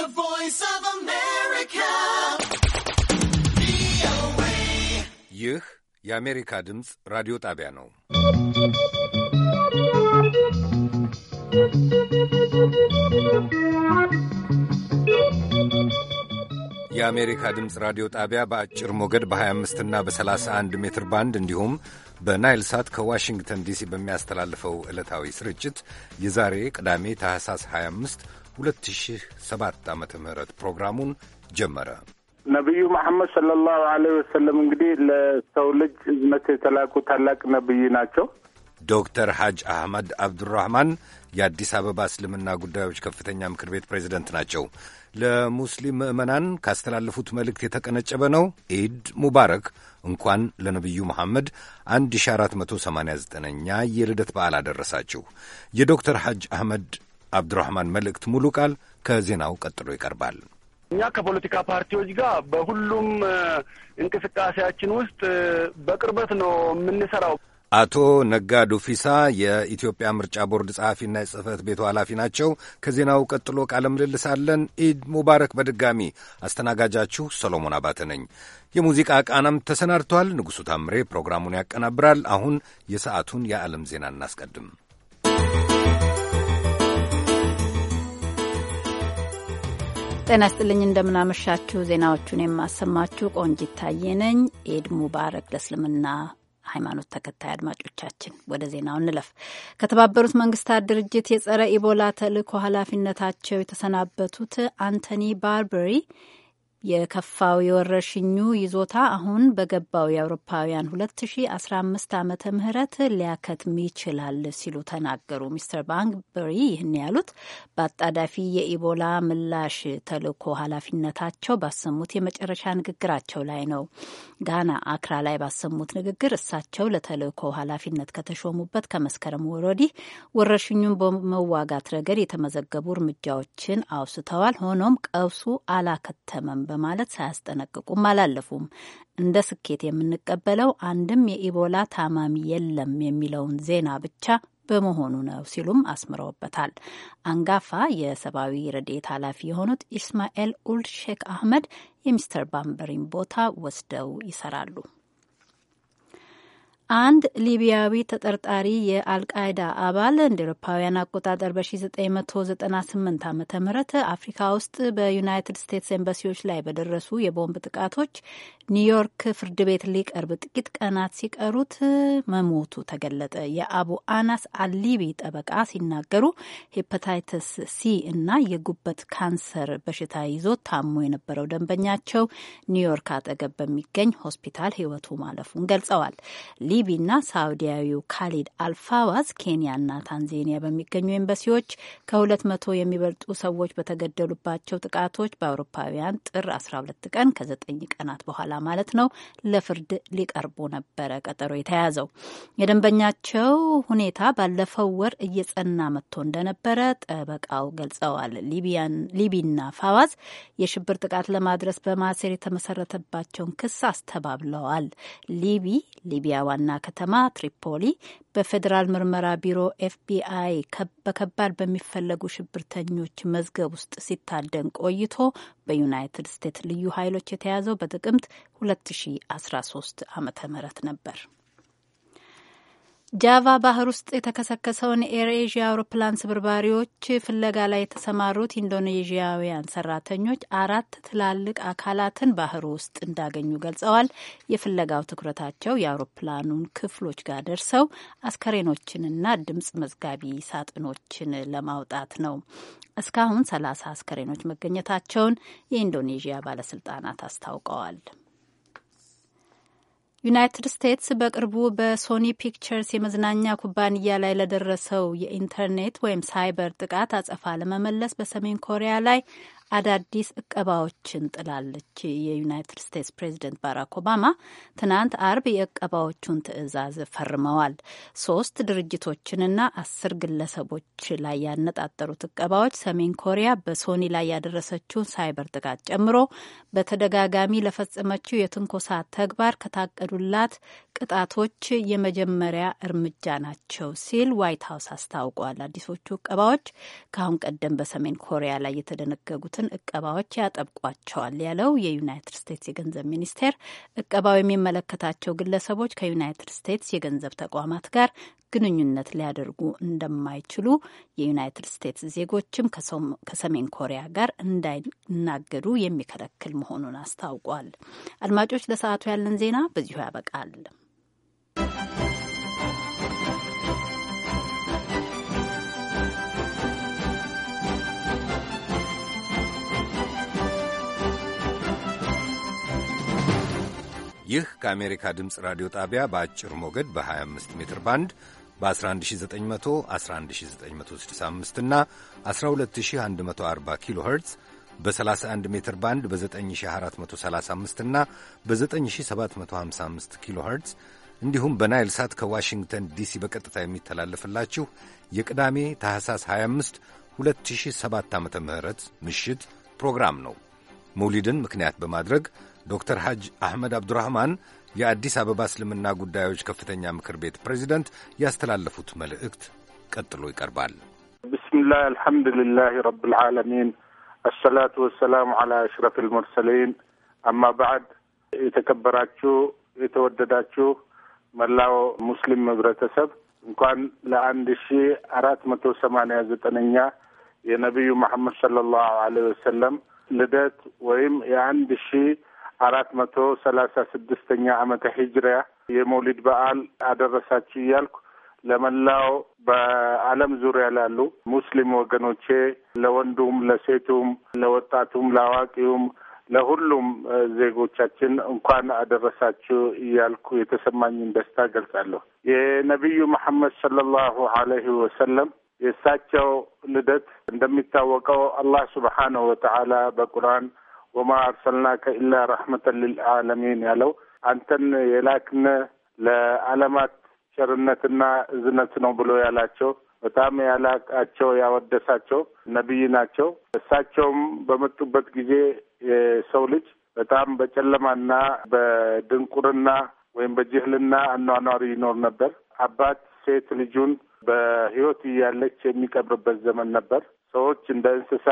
The Voice of America. ይህ የአሜሪካ ድምፅ ራዲዮ ጣቢያ ነው። የአሜሪካ ድምፅ ራዲዮ ጣቢያ በአጭር ሞገድ በ25 እና በ31 ሜትር ባንድ እንዲሁም በናይል ሳት ከዋሽንግተን ዲሲ በሚያስተላልፈው ዕለታዊ ስርጭት የዛሬ ቅዳሜ ታህሳስ 25 2007 ዓ ም ፕሮግራሙን ጀመረ። ነቢዩ መሐመድ ሰለላሁ ዐለይሂ ወሰለም እንግዲህ ለሰው ልጅ እዝነት የተላኩ ታላቅ ነቢይ ናቸው። ዶክተር ሐጅ አህመድ አብዱራህማን የአዲስ አበባ እስልምና ጉዳዮች ከፍተኛ ምክር ቤት ፕሬዚደንት ናቸው። ለሙስሊም ምዕመናን ካስተላለፉት መልእክት የተቀነጨበ ነው። ኢድ ሙባረክ። እንኳን ለነቢዩ መሐመድ 1489ኛ የልደት በዓል አደረሳችሁ። የዶክተር ሐጅ አህመድ አብዱራህማን መልእክት ሙሉ ቃል ከዜናው ቀጥሎ ይቀርባል። እኛ ከፖለቲካ ፓርቲዎች ጋር በሁሉም እንቅስቃሴያችን ውስጥ በቅርበት ነው የምንሰራው። አቶ ነጋ ዱፊሳ የኢትዮጵያ ምርጫ ቦርድ ጸሐፊና የጽህፈት ቤቱ ኃላፊ ናቸው። ከዜናው ቀጥሎ ቃለ ምልልስ አለን። ኢድ ሙባረክ። በድጋሚ አስተናጋጃችሁ ሰሎሞን አባተ ነኝ። የሙዚቃ ቃናም ተሰናድቷል። ንጉሡ ታምሬ ፕሮግራሙን ያቀናብራል። አሁን የሰዓቱን የዓለም ዜና እናስቀድም። ጤና ስጥልኝ እንደምናመሻችሁ። ዜናዎቹን የማሰማችሁ ቆንጂት ታዬ ነኝ። ኤድ ሙባረክ ለእስልምና ሃይማኖት ተከታይ አድማጮቻችን። ወደ ዜናው እንለፍ። ከተባበሩት መንግስታት ድርጅት የጸረ ኢቦላ ተልእኮ ኃላፊነታቸው የተሰናበቱት አንቶኒ ባርበሪ የከፋው የወረርሽኙ ይዞታ አሁን በገባው የአውሮፓውያን 2015 ዓመተ ምህረት ሊያከትም ይችላል ሲሉ ተናገሩ። ሚስተር ባንበሪ ይህን ያሉት በአጣዳፊ የኢቦላ ምላሽ ተልኮ ኃላፊነታቸው ባሰሙት የመጨረሻ ንግግራቸው ላይ ነው። ጋና አክራ ላይ ባሰሙት ንግግር እሳቸው ለተልእኮ ኃላፊነት ከተሾሙበት ከመስከረም ወር ወዲህ ወረርሽኙን በመዋጋት ረገድ የተመዘገቡ እርምጃዎችን አውስተዋል። ሆኖም ቀውሱ አላከተመም በማለት ሳያስጠነቅቁም አላለፉም። እንደ ስኬት የምንቀበለው አንድም የኢቦላ ታማሚ የለም የሚለውን ዜና ብቻ በመሆኑ ነው ሲሉም አስምረውበታል። አንጋፋ የሰብአዊ ረድኤት ኃላፊ የሆኑት ኢስማኤል ኡልድ ሼክ አህመድ የሚስተር ባምበሪን ቦታ ወስደው ይሰራሉ። አንድ ሊቢያዊ ተጠርጣሪ የአልቃይዳ አባል እንደ ኤሮፓውያን አቆጣጠር በ1998 ዓ ም አፍሪካ ውስጥ በዩናይትድ ስቴትስ ኤምባሲዎች ላይ በደረሱ የቦምብ ጥቃቶች ኒውዮርክ ፍርድ ቤት ሊቀርብ ጥቂት ቀናት ሲቀሩት መሞቱ ተገለጠ። የአቡ አናስ አሊቢ ጠበቃ ሲናገሩ ሄፓታይተስ ሲ እና የጉበት ካንሰር በሽታ ይዞ ታሞ የነበረው ደንበኛቸው ኒውዮርክ አጠገብ በሚገኝ ሆስፒታል ሕይወቱ ማለፉን ገልጸዋል። ሊቢና ሳውዲያዊው ካሊድ አልፋዋዝ ኬንያና ታንዜኒያ በሚገኙ ኤምባሲዎች ከሁለት መቶ የሚበልጡ ሰዎች በተገደሉባቸው ጥቃቶች በአውሮፓውያን ጥር 12 ቀን ከዘጠኝ ቀናት በኋላ ማለት ነው ለፍርድ ሊቀርቡ ነበረ ቀጠሮ የተያዘው። የደንበኛቸው ሁኔታ ባለፈው ወር እየጸና መጥቶ እንደነበረ ጠበቃው ገልጸዋል። ሊቢና ፋዋዝ የሽብር ጥቃት ለማድረስ በማሴር የተመሰረተባቸውን ክስ አስተባብለዋል። ሊቢ ሊቢያ ዋና ከተማ ትሪፖሊ በፌዴራል ምርመራ ቢሮ ኤፍቢአይ በከባድ በሚፈለጉ ሽብርተኞች መዝገብ ውስጥ ሲታደን ቆይቶ በዩናይትድ ስቴትስ ልዩ ኃይሎች የተያዘው በጥቅምት 2013 ም ነበር። ጃቫ ባህር ውስጥ የተከሰከሰውን ኤርኤዥያ አውሮፕላን ስብርባሪዎች ፍለጋ ላይ የተሰማሩት ኢንዶኔዥያውያን ሰራተኞች አራት ትላልቅ አካላትን ባህር ውስጥ እንዳገኙ ገልጸዋል። የፍለጋው ትኩረታቸው የአውሮፕላኑን ክፍሎች ጋር ደርሰው አስከሬኖችንና ድምጽ መዝጋቢ ሳጥኖችን ለማውጣት ነው። እስካሁን ሰላሳ አስከሬኖች መገኘታቸውን የኢንዶኔዥያ ባለስልጣናት አስታውቀዋል። ዩናይትድ ስቴትስ በቅርቡ በሶኒ ፒክቸርስ የመዝናኛ ኩባንያ ላይ ለደረሰው የኢንተርኔት ወይም ሳይበር ጥቃት አጸፋ ለመመለስ በሰሜን ኮሪያ ላይ አዳዲስ እቀባዎችን ጥላለች። የዩናይትድ ስቴትስ ፕሬዚደንት ባራክ ኦባማ ትናንት አርብ የእቀባዎቹን ትዕዛዝ ፈርመዋል። ሶስት ድርጅቶችንና አስር ግለሰቦች ላይ ያነጣጠሩት እቀባዎች ሰሜን ኮሪያ በሶኒ ላይ ያደረሰችውን ሳይበር ጥቃት ጨምሮ በተደጋጋሚ ለፈጸመችው የትንኮሳ ተግባር ከታቀዱላት ቅጣቶች የመጀመሪያ እርምጃ ናቸው ሲል ዋይት ሀውስ አስታውቋል። አዲሶቹ እቀባዎች ከአሁን ቀደም በሰሜን ኮሪያ ላይ የተደነገጉት የጣሉትን እቀባዎች ያጠብቋቸዋል ያለው የዩናይትድ ስቴትስ የገንዘብ ሚኒስቴር እቀባው የሚመለከታቸው ግለሰቦች ከዩናይትድ ስቴትስ የገንዘብ ተቋማት ጋር ግንኙነት ሊያደርጉ እንደማይችሉ የዩናይትድ ስቴትስ ዜጎችም ከሰሜን ኮሪያ ጋር እንዳይናገዱ የሚከለክል መሆኑን አስታውቋል። አድማጮች፣ ለሰዓቱ ያለን ዜና በዚሁ ያበቃል። ይህ ከአሜሪካ ድምፅ ራዲዮ ጣቢያ በአጭር ሞገድ በ25 ሜትር ባንድ በ11911965 እና 12140 ኪሎ ኸርትዝ በ31 ሜትር ባንድ በ9435 እና በ9755 ኪሎ ኸርትዝ እንዲሁም በናይል ሳት ከዋሽንግተን ዲሲ በቀጥታ የሚተላለፍላችሁ የቅዳሜ ታህሳስ 25 2007 ዓ ም ምሽት ፕሮግራም ነው። መውሊድን ምክንያት በማድረግ ዶክተር ሐጅ አሕመድ አብዱራህማን የአዲስ አበባ እስልምና ጉዳዮች ከፍተኛ ምክር ቤት ፕሬዚደንት ያስተላለፉት መልእክት ቀጥሎ ይቀርባል። ብስሚላህ አልሐምዱልላህ ረብልዓለሚን አሰላቱ ወሰላሙ ዓላ አሽረፍ አልሙርሰሊን አማ በዓድ የተከበራችሁ የተወደዳችሁ መላው ሙስሊም ህብረተሰብ እንኳን ለአንድ ሺ አራት መቶ ሰማንያ ዘጠነኛ የነቢዩ መሐመድ ሰለላሁ ዐለይሂ ወሰለም ልደት ወይም የአንድ ሺ አራት መቶ ሰላሳ ስድስተኛ ዓመተ ሂጅሪያ የመውሊድ በዓል አደረሳችሁ እያልኩ ለመላው በዓለም ዙሪያ ላሉ ሙስሊም ወገኖቼ ለወንዱም፣ ለሴቱም፣ ለወጣቱም፣ ለአዋቂውም ለሁሉም ዜጎቻችን እንኳን አደረሳችሁ እያልኩ የተሰማኝን ደስታ ገልጻለሁ። የነቢዩ መሐመድ ሰለላሁ አለይህ ወሰለም የእሳቸው ልደት እንደሚታወቀው አላህ ስብሓነሁ ወተዓላ በቁርአን ወማ አርሰልናከ ኢላ ረሕመተን ልልዓለሚን ያለው አንተን የላክነ ለዓለማት ቸርነትና እዝነት ነው ብሎ ያላቸው በጣም ያላቃቸው ያወደሳቸው ነቢይ ናቸው። እሳቸውም በመጡበት ጊዜ የሰው ልጅ በጣም በጨለማና በድንቁርና ወይም በጅህልና አኗኗሪ ይኖር ነበር። አባት ሴት ልጁን በሕይወት እያለች የሚቀብርበት ዘመን ነበር። ሰዎች እንደ እንስሳ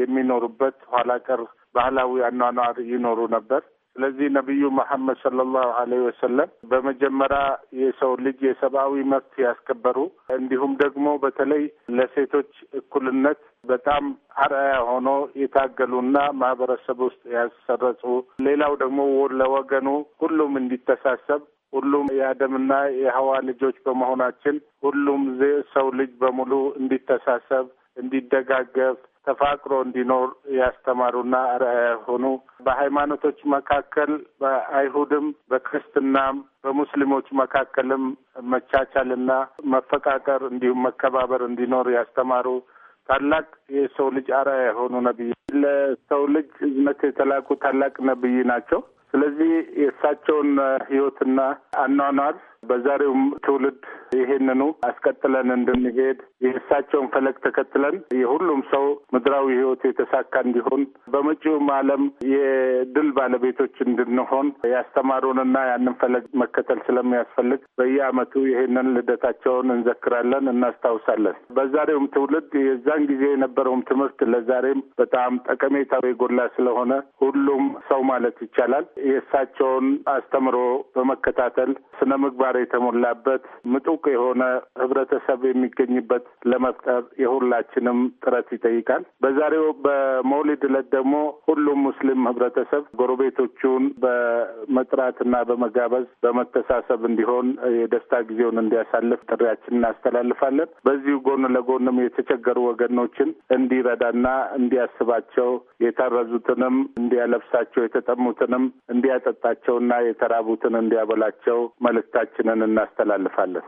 የሚኖሩበት ኋላ ቀር ባህላዊ አኗኗር ይኖሩ ነበር። ስለዚህ ነቢዩ መሐመድ ሰለላሁ አለይሂ ወሰለም በመጀመሪያ የሰው ልጅ የሰብአዊ መብት ያስከበሩ እንዲሁም ደግሞ በተለይ ለሴቶች እኩልነት በጣም አርአያ ሆኖ የታገሉና ማህበረሰብ ውስጥ ያሰረጹ፣ ሌላው ደግሞ ለወገኑ ሁሉም እንዲተሳሰብ ሁሉም የአደምና የሐዋ ልጆች በመሆናችን ሁሉም ሰው ልጅ በሙሉ እንዲተሳሰብ እንዲደጋገፍ ተፋቅሮ እንዲኖር ያስተማሩና አርአያ የሆኑ በሃይማኖቶች መካከል በአይሁድም በክርስትናም በሙስሊሞች መካከልም መቻቻልና መፈቃቀር እንዲሁም መከባበር እንዲኖር ያስተማሩ ታላቅ የሰው ልጅ አርአያ የሆኑ ነቢይ ለሰው ልጅ ህዝነት የተላኩ ታላቅ ነቢይ ናቸው። ስለዚህ የእሳቸውን ህይወትና አኗኗር በዛሬው ትውልድ ይሄንኑ አስቀጥለን እንድንሄድ የእሳቸውን ፈለግ ተከትለን የሁሉም ሰው ምድራዊ ህይወት የተሳካ እንዲሆን በመጪውም ዓለም የድል ባለቤቶች እንድንሆን ያስተማሩንና ያንን ፈለግ መከተል ስለሚያስፈልግ በየዓመቱ ይሄንን ልደታቸውን እንዘክራለን፣ እናስታውሳለን። በዛሬውም ትውልድ የዛን ጊዜ የነበረውም ትምህርት ለዛሬም በጣም ጠቀሜታው የጎላ ስለሆነ ሁሉም ሰው ማለት ይቻላል የእሳቸውን አስተምሮ በመከታተል ስነ ምግባር ጥንካሬ የተሞላበት ምጡቅ የሆነ ህብረተሰብ የሚገኝበት ለመፍጠር የሁላችንም ጥረት ይጠይቃል። በዛሬው በመውሊድ ዕለት ደግሞ ሁሉም ሙስሊም ህብረተሰብ ጎረቤቶቹን በመጥራትና በመጋበዝ በመተሳሰብ እንዲሆን የደስታ ጊዜውን እንዲያሳልፍ ጥሪያችን እናስተላልፋለን። በዚሁ ጎን ለጎንም የተቸገሩ ወገኖችን እንዲረዳና እንዲያስባቸው የታረዙትንም እንዲያለብሳቸው የተጠሙትንም እንዲያጠጣቸውና የተራቡትን እንዲያበላቸው መልእክታችን መልእክታችንን እናስተላልፋለን።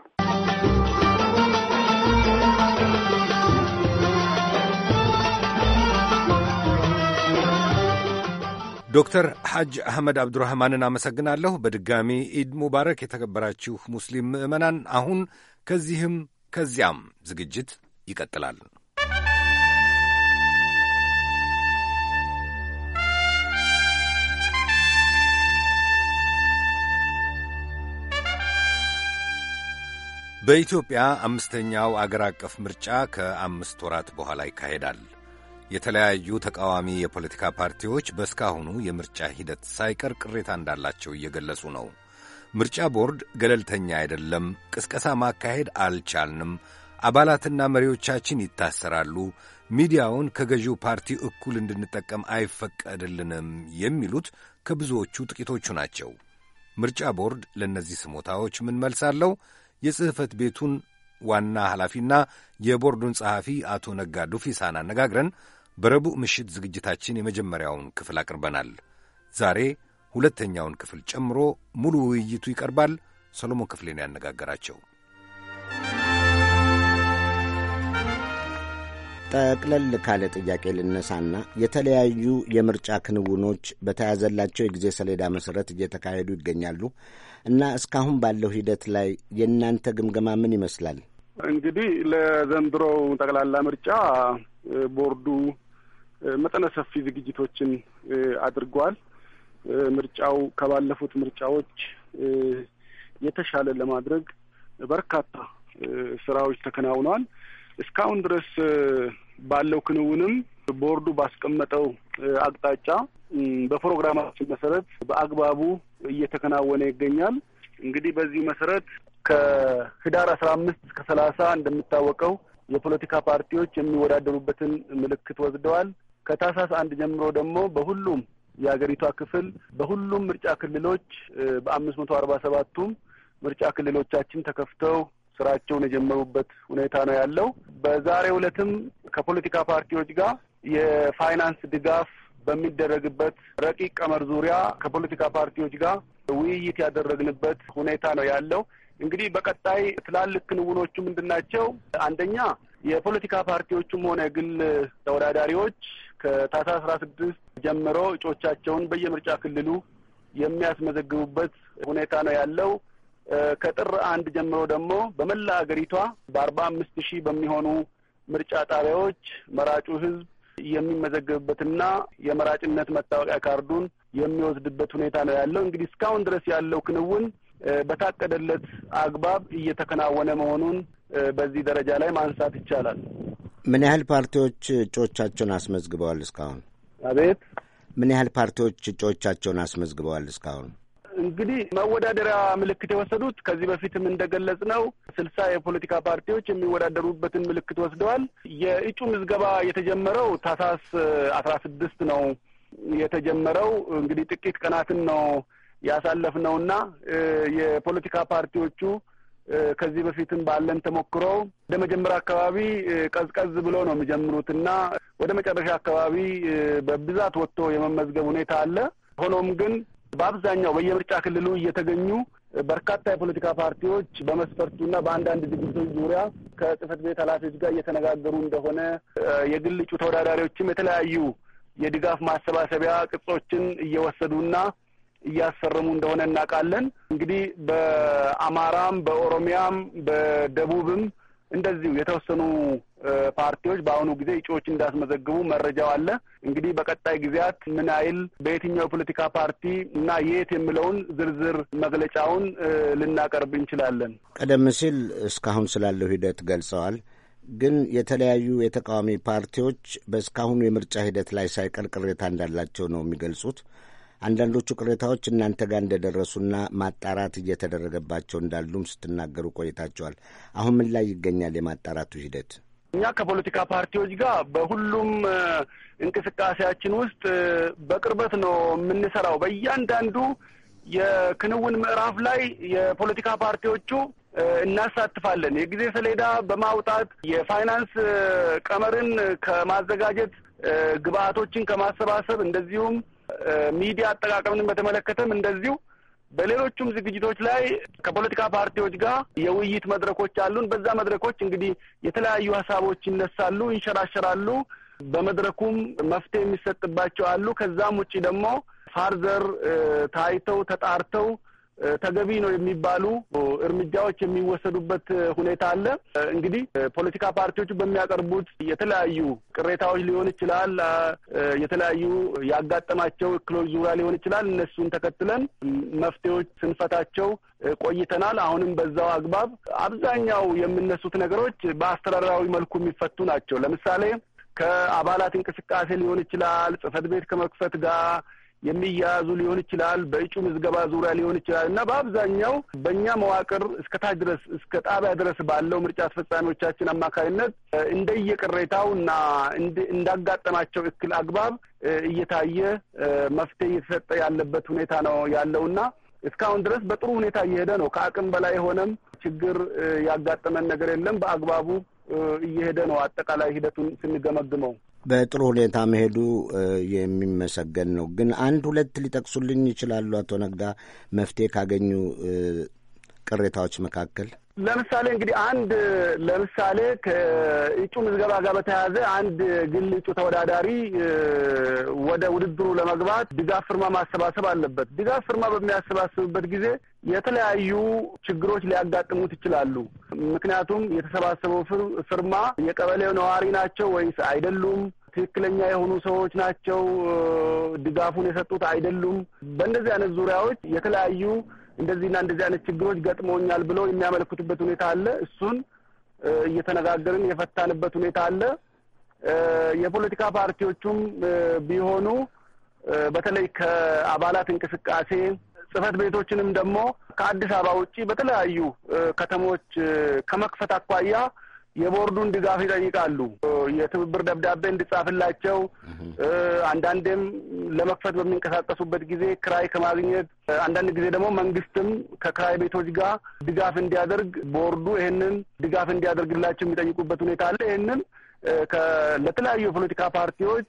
ዶክተር ሐጅ አህመድ አብዱራህማንን አመሰግናለሁ። በድጋሚ ኢድ ሙባረክ የተከበራችሁ ሙስሊም ምዕመናን። አሁን ከዚህም ከዚያም ዝግጅት ይቀጥላል። በኢትዮጵያ አምስተኛው አገር አቀፍ ምርጫ ከአምስት ወራት በኋላ ይካሄዳል። የተለያዩ ተቃዋሚ የፖለቲካ ፓርቲዎች በእስካሁኑ የምርጫ ሂደት ሳይቀር ቅሬታ እንዳላቸው እየገለጹ ነው። ምርጫ ቦርድ ገለልተኛ አይደለም፣ ቅስቀሳ ማካሄድ አልቻልንም፣ አባላትና መሪዎቻችን ይታሰራሉ፣ ሚዲያውን ከገዢው ፓርቲ እኩል እንድንጠቀም አይፈቀድልንም የሚሉት ከብዙዎቹ ጥቂቶቹ ናቸው። ምርጫ ቦርድ ለእነዚህ ስሞታዎች ምን መልስ አለው? የጽህፈት ቤቱን ዋና ኃላፊና የቦርዱን ጸሐፊ አቶ ነጋ ዱፊሳን አነጋግረን በረቡዕ ምሽት ዝግጅታችን የመጀመሪያውን ክፍል አቅርበናል። ዛሬ ሁለተኛውን ክፍል ጨምሮ ሙሉ ውይይቱ ይቀርባል። ሰሎሞን ክፍሌን ያነጋገራቸው። ጠቅለል ካለ ጥያቄ ልነሳና የተለያዩ የምርጫ ክንውኖች በተያዘላቸው የጊዜ ሰሌዳ መሠረት እየተካሄዱ ይገኛሉ። እና እስካሁን ባለው ሂደት ላይ የእናንተ ግምገማ ምን ይመስላል? እንግዲህ ለዘንድሮው ጠቅላላ ምርጫ ቦርዱ መጠነ ሰፊ ዝግጅቶችን አድርጓል። ምርጫው ከባለፉት ምርጫዎች የተሻለ ለማድረግ በርካታ ስራዎች ተከናውኗል። እስካሁን ድረስ ባለው ክንውንም ቦርዱ ባስቀመጠው አቅጣጫ በፕሮግራማችን መሰረት በአግባቡ እየተከናወነ ይገኛል። እንግዲህ በዚህ መሰረት ከህዳር አስራ አምስት እስከ ሰላሳ እንደሚታወቀው የፖለቲካ ፓርቲዎች የሚወዳደሩበትን ምልክት ወስደዋል። ከታህሳስ አንድ ጀምሮ ደግሞ በሁሉም የሀገሪቷ ክፍል በሁሉም ምርጫ ክልሎች በአምስት መቶ አርባ ሰባቱም ምርጫ ክልሎቻችን ተከፍተው ስራቸውን የጀመሩበት ሁኔታ ነው ያለው። በዛሬው ዕለትም ከፖለቲካ ፓርቲዎች ጋር የፋይናንስ ድጋፍ በሚደረግበት ረቂቅ ቀመር ዙሪያ ከፖለቲካ ፓርቲዎች ጋር ውይይት ያደረግንበት ሁኔታ ነው ያለው። እንግዲህ በቀጣይ ትላልቅ ክንውኖቹ ምንድን ናቸው? አንደኛ የፖለቲካ ፓርቲዎቹም ሆነ ግል ተወዳዳሪዎች ከታህሳስ አስራ ስድስት ጀምሮ እጮቻቸውን በየምርጫ ክልሉ የሚያስመዘግቡበት ሁኔታ ነው ያለው። ከጥር አንድ ጀምሮ ደግሞ በመላ አገሪቷ በአርባ አምስት ሺህ በሚሆኑ ምርጫ ጣቢያዎች መራጩ ህዝብ የሚመዘገብበትና የመራጭነት መታወቂያ ካርዱን የሚወስድበት ሁኔታ ነው ያለው። እንግዲህ እስካሁን ድረስ ያለው ክንውን በታቀደለት አግባብ እየተከናወነ መሆኑን በዚህ ደረጃ ላይ ማንሳት ይቻላል። ምን ያህል ፓርቲዎች እጩዎቻቸውን አስመዝግበዋል እስካሁን? አቤት፣ ምን ያህል ፓርቲዎች እጩዎቻቸውን አስመዝግበዋል እስካሁን? እንግዲህ መወዳደሪያ ምልክት የወሰዱት ከዚህ በፊትም እንደገለጽ ነው ስልሳ የፖለቲካ ፓርቲዎች የሚወዳደሩበትን ምልክት ወስደዋል። የእጩ ምዝገባ የተጀመረው ታህሳስ አስራ ስድስት ነው የተጀመረው። እንግዲህ ጥቂት ቀናትን ነው ያሳለፍ እና የፖለቲካ ፓርቲዎቹ ከዚህ በፊትም ባለን ተሞክሮ ወደ መጀመሪያ አካባቢ ቀዝቀዝ ብሎ ነው የሚጀምሩት እና ወደ መጨረሻ አካባቢ በብዛት ወጥቶ የመመዝገብ ሁኔታ አለ። ሆኖም ግን በአብዛኛው በየምርጫ ክልሉ እየተገኙ በርካታ የፖለቲካ ፓርቲዎች በመስፈርቱና በአንዳንድ ዝግጅቶች ዙሪያ ከጽህፈት ቤት ኃላፊዎች ጋር እየተነጋገሩ እንደሆነ የግል እጩ ተወዳዳሪዎችም የተለያዩ የድጋፍ ማሰባሰቢያ ቅጾችን እየወሰዱና እያስፈረሙ እንደሆነ እናውቃለን። እንግዲህ በአማራም፣ በኦሮሚያም፣ በደቡብም እንደዚሁ የተወሰኑ ፓርቲዎች በአሁኑ ጊዜ እጩዎች እንዳስመዘግቡ መረጃው አለ። እንግዲህ በቀጣይ ጊዜያት ምን ያህል በየትኛው የፖለቲካ ፓርቲ እና የት የሚለውን ዝርዝር መግለጫውን ልናቀርብ እንችላለን። ቀደም ሲል እስካሁን ስላለው ሂደት ገልጸዋል። ግን የተለያዩ የተቃዋሚ ፓርቲዎች በእስካሁኑ የምርጫ ሂደት ላይ ሳይቀር ቅሬታ እንዳላቸው ነው የሚገልጹት። አንዳንዶቹ ቅሬታዎች እናንተ ጋር እንደደረሱና ማጣራት እየተደረገባቸው እንዳሉም ስትናገሩ ቆይታቸዋል። አሁን ምን ላይ ይገኛል የማጣራቱ ሂደት? እኛ ከፖለቲካ ፓርቲዎች ጋር በሁሉም እንቅስቃሴያችን ውስጥ በቅርበት ነው የምንሰራው። በእያንዳንዱ የክንውን ምዕራፍ ላይ የፖለቲካ ፓርቲዎቹ እናሳትፋለን። የጊዜ ሰሌዳ በማውጣት የፋይናንስ ቀመርን ከማዘጋጀት ግብአቶችን ከማሰባሰብ እንደዚሁም ሚዲያ አጠቃቀምንም በተመለከተም እንደዚሁ በሌሎቹም ዝግጅቶች ላይ ከፖለቲካ ፓርቲዎች ጋር የውይይት መድረኮች አሉን። በዛ መድረኮች እንግዲህ የተለያዩ ሀሳቦች ይነሳሉ፣ ይንሸራሸራሉ። በመድረኩም መፍትሄ የሚሰጥባቸው አሉ። ከዛም ውጭ ደግሞ ፋርዘር ታይተው ተጣርተው ተገቢ ነው የሚባሉ እርምጃዎች የሚወሰዱበት ሁኔታ አለ። እንግዲህ ፖለቲካ ፓርቲዎቹ በሚያቀርቡት የተለያዩ ቅሬታዎች ሊሆን ይችላል፣ የተለያዩ ያጋጠማቸው እክሎች ዙሪያ ሊሆን ይችላል። እነሱን ተከትለን መፍትሄዎች ስንፈታቸው ቆይተናል። አሁንም በዛው አግባብ አብዛኛው የምነሱት ነገሮች በአስተዳደራዊ መልኩ የሚፈቱ ናቸው። ለምሳሌ ከአባላት እንቅስቃሴ ሊሆን ይችላል፣ ጽህፈት ቤት ከመክፈት ጋር የሚያያዙ ሊሆን ይችላል፣ በእጩ ምዝገባ ዙሪያ ሊሆን ይችላል እና በአብዛኛው በእኛ መዋቅር እስከ ታች ድረስ እስከ ጣቢያ ድረስ ባለው ምርጫ አስፈጻሚዎቻችን አማካኝነት እንደየቅሬታው እና እንዳጋጠማቸው እክል አግባብ እየታየ መፍትሄ እየተሰጠ ያለበት ሁኔታ ነው ያለውና እስካሁን ድረስ በጥሩ ሁኔታ እየሄደ ነው። ከአቅም በላይ የሆነም ችግር ያጋጠመን ነገር የለም። በአግባቡ እየሄደ ነው። አጠቃላይ ሂደቱን ስንገመግመው በጥሩ ሁኔታ መሄዱ የሚመሰገን ነው። ግን አንድ ሁለት ሊጠቅሱልኝ ይችላሉ አቶ ነጋ መፍትሄ ካገኙ ቅሬታዎች መካከል ለምሳሌ እንግዲህ አንድ ለምሳሌ ከእጩ ምዝገባ ጋር በተያያዘ አንድ ግል እጩ ተወዳዳሪ ወደ ውድድሩ ለመግባት ድጋፍ ፍርማ ማሰባሰብ አለበት። ድጋፍ ፍርማ በሚያሰባስብበት ጊዜ የተለያዩ ችግሮች ሊያጋጥሙት ይችላሉ። ምክንያቱም የተሰባሰበው ፍርማ የቀበሌው ነዋሪ ናቸው ወይስ አይደሉም? ትክክለኛ የሆኑ ሰዎች ናቸው ድጋፉን የሰጡት አይደሉም? በእንደዚህ አይነት ዙሪያዎች የተለያዩ እንደዚህና እንደዚህ አይነት ችግሮች ገጥመውኛል ብለው የሚያመለክቱበት ሁኔታ አለ። እሱን እየተነጋገርን የፈታንበት ሁኔታ አለ። የፖለቲካ ፓርቲዎቹም ቢሆኑ በተለይ ከአባላት እንቅስቃሴ ጽህፈት ቤቶችንም ደግሞ ከአዲስ አበባ ውጭ በተለያዩ ከተሞች ከመክፈት አኳያ የቦርዱን ድጋፍ ይጠይቃሉ። የትብብር ደብዳቤ እንዲጻፍላቸው አንዳንዴም ለመክፈት በሚንቀሳቀሱበት ጊዜ ክራይ ከማግኘት አንዳንድ ጊዜ ደግሞ መንግስትም ከክራይ ቤቶች ጋር ድጋፍ እንዲያደርግ ቦርዱ ይህንን ድጋፍ እንዲያደርግላቸው የሚጠይቁበት ሁኔታ አለ። ይህንን ለተለያዩ የፖለቲካ ፓርቲዎች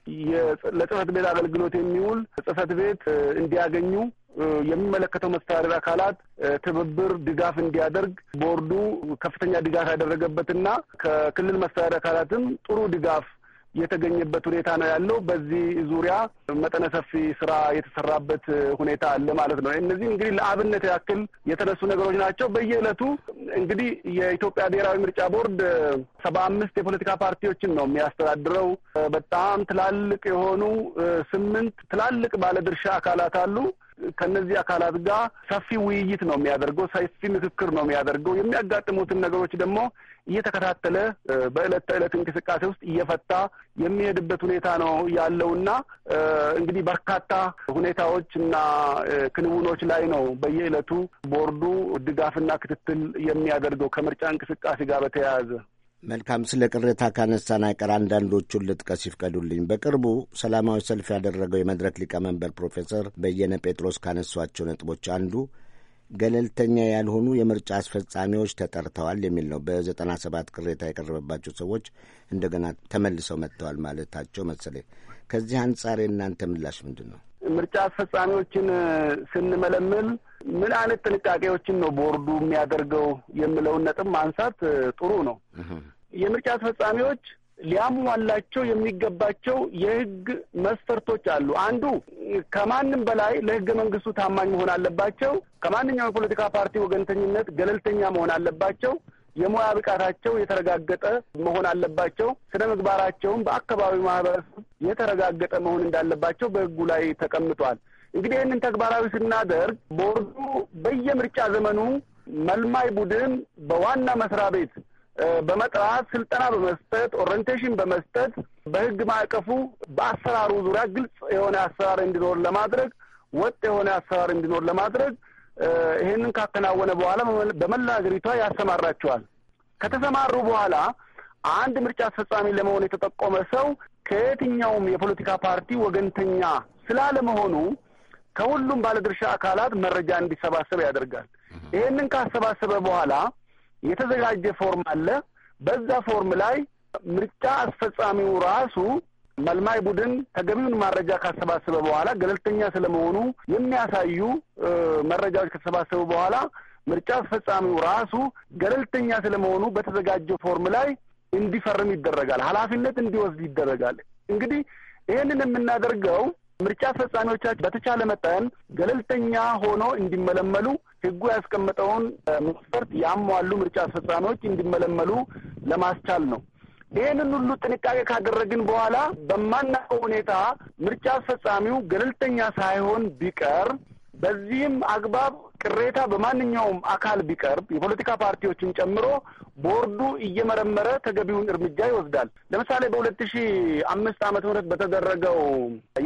ለጽህፈት ቤት አገልግሎት የሚውል ጽህፈት ቤት እንዲያገኙ የሚመለከተው መስተዳደር አካላት ትብብር ድጋፍ እንዲያደርግ ቦርዱ ከፍተኛ ድጋፍ ያደረገበትና ከክልል መስተዳደር አካላትም ጥሩ ድጋፍ የተገኘበት ሁኔታ ነው ያለው። በዚህ ዙሪያ መጠነ ሰፊ ስራ የተሰራበት ሁኔታ አለ ማለት ነው። እነዚህ እንግዲህ ለአብነት ያክል የተነሱ ነገሮች ናቸው። በየዕለቱ እንግዲህ የኢትዮጵያ ብሔራዊ ምርጫ ቦርድ ሰባ አምስት የፖለቲካ ፓርቲዎችን ነው የሚያስተዳድረው። በጣም ትላልቅ የሆኑ ስምንት ትላልቅ ባለድርሻ አካላት አሉ። ከነዚህ አካላት ጋር ሰፊ ውይይት ነው የሚያደርገው፣ ሰፊ ምክክር ነው የሚያደርገው። የሚያጋጥሙትን ነገሮች ደግሞ እየተከታተለ በዕለት ተዕለት እንቅስቃሴ ውስጥ እየፈታ የሚሄድበት ሁኔታ ነው ያለውና እንግዲህ በርካታ ሁኔታዎች እና ክንውኖች ላይ ነው በየዕለቱ ቦርዱ ድጋፍና ክትትል የሚያደርገው ከምርጫ እንቅስቃሴ ጋር በተያያዘ። መልካም። ስለ ቅሬታ ካነሳን አይቀር አንዳንዶቹን ልጥቀስ ይፍቀዱልኝ። በቅርቡ ሰላማዊ ሰልፍ ያደረገው የመድረክ ሊቀመንበር ፕሮፌሰር በየነ ጴጥሮስ ካነሷቸው ነጥቦች አንዱ ገለልተኛ ያልሆኑ የምርጫ አስፈጻሚዎች ተጠርተዋል የሚል ነው። በዘጠና ሰባት ቅሬታ የቀረበባቸው ሰዎች እንደገና ተመልሰው መጥተዋል ማለታቸው መሰለኝ። ከዚህ አንጻር የእናንተ ምላሽ ምንድን ነው? ምርጫ አስፈጻሚዎችን ስንመለምል ምን አይነት ጥንቃቄዎችን ነው ቦርዱ የሚያደርገው የሚለውን ነጥብ ማንሳት ጥሩ ነው። የምርጫ አስፈጻሚዎች ሊያሟላቸው የሚገባቸው የህግ መስፈርቶች አሉ። አንዱ ከማንም በላይ ለህገ መንግስቱ ታማኝ መሆን አለባቸው። ከማንኛውም የፖለቲካ ፓርቲ ወገንተኝነት ገለልተኛ መሆን አለባቸው። የሙያ ብቃታቸው የተረጋገጠ መሆን አለባቸው። ስነ ምግባራቸውም በአካባቢው ማህበረሰብ የተረጋገጠ መሆን እንዳለባቸው በህጉ ላይ ተቀምጧል። እንግዲህ ይህንን ተግባራዊ ስናደርግ ቦርዱ በየምርጫ ዘመኑ መልማይ ቡድን በዋና መስሪያ ቤት በመጥራት ስልጠና በመስጠት ኦሪንቴሽን በመስጠት በህግ ማዕቀፉ በአሰራሩ ዙሪያ ግልጽ የሆነ አሰራር እንዲኖር ለማድረግ ወጥ የሆነ አሰራር እንዲኖር ለማድረግ ይህንን ካከናወነ በኋላ በመላ ሀገሪቷ ያሰማራቸዋል። ከተሰማሩ በኋላ አንድ ምርጫ አስፈጻሚ ለመሆን የተጠቆመ ሰው ከየትኛውም የፖለቲካ ፓርቲ ወገንተኛ ስላለመሆኑ ከሁሉም ባለድርሻ አካላት መረጃ እንዲሰባሰብ ያደርጋል። ይህንን ካሰባሰበ በኋላ የተዘጋጀ ፎርም አለ። በዛ ፎርም ላይ ምርጫ አስፈጻሚው ራሱ መልማይ ቡድን ተገቢውን ማረጃ ካሰባሰበ በኋላ ገለልተኛ ስለመሆኑ የሚያሳዩ መረጃዎች ከተሰባሰቡ በኋላ ምርጫ አስፈጻሚው ራሱ ገለልተኛ ስለመሆኑ በተዘጋጀ ፎርም ላይ እንዲፈርም ይደረጋል። ኃላፊነት እንዲወስድ ይደረጋል። እንግዲህ ይህንን የምናደርገው ምርጫ አስፈጻሚዎቻችን በተቻለ መጠን ገለልተኛ ሆኖ እንዲመለመሉ ህጉ ያስቀመጠውን መስፈርት ያሟሉ ምርጫ አስፈጻሚዎች እንዲመለመሉ ለማስቻል ነው። ይህንን ሁሉ ጥንቃቄ ካደረግን በኋላ በማናውቀው ሁኔታ ምርጫ አስፈጻሚው ገለልተኛ ሳይሆን ቢቀር በዚህም አግባብ ቅሬታ በማንኛውም አካል ቢቀርብ የፖለቲካ ፓርቲዎችን ጨምሮ ቦርዱ እየመረመረ ተገቢውን እርምጃ ይወስዳል። ለምሳሌ በሁለት ሺ አምስት ዓመተ ምህረት በተደረገው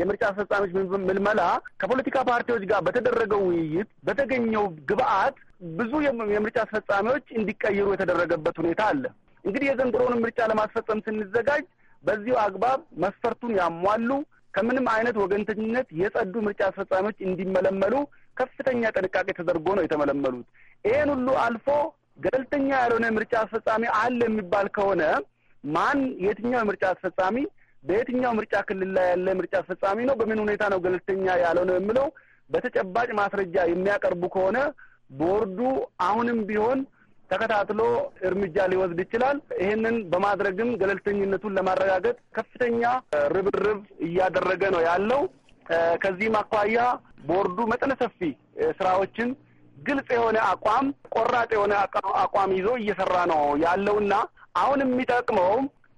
የምርጫ አስፈጻሚዎች ምልመላ ከፖለቲካ ፓርቲዎች ጋር በተደረገው ውይይት በተገኘው ግብአት ብዙ የምርጫ አስፈጻሚዎች እንዲቀይሩ የተደረገበት ሁኔታ አለ። እንግዲህ የዘንድሮውንም ምርጫ ለማስፈጸም ስንዘጋጅ በዚሁ አግባብ መስፈርቱን ያሟሉ ከምንም አይነት ወገንተኝነት የጸዱ ምርጫ አስፈጻሚዎች እንዲመለመሉ ከፍተኛ ጥንቃቄ ተደርጎ ነው የተመለመሉት። ይህን ሁሉ አልፎ ገለልተኛ ያልሆነ ምርጫ አስፈጻሚ አለ የሚባል ከሆነ ማን የትኛው የምርጫ አስፈጻሚ በየትኛው ምርጫ ክልል ላይ ያለ ምርጫ አስፈጻሚ ነው፣ በምን ሁኔታ ነው ገለልተኛ ያልሆነው የሚለው በተጨባጭ ማስረጃ የሚያቀርቡ ከሆነ ቦርዱ አሁንም ቢሆን ተከታትሎ እርምጃ ሊወስድ ይችላል። ይህንን በማድረግም ገለልተኝነቱን ለማረጋገጥ ከፍተኛ ርብርብ እያደረገ ነው ያለው። ከዚህም አኳያ ቦርዱ መጠነ ሰፊ ስራዎችን ግልጽ የሆነ አቋም፣ ቆራጥ የሆነ አቋም ይዞ እየሰራ ነው ያለውና አሁን የሚጠቅመው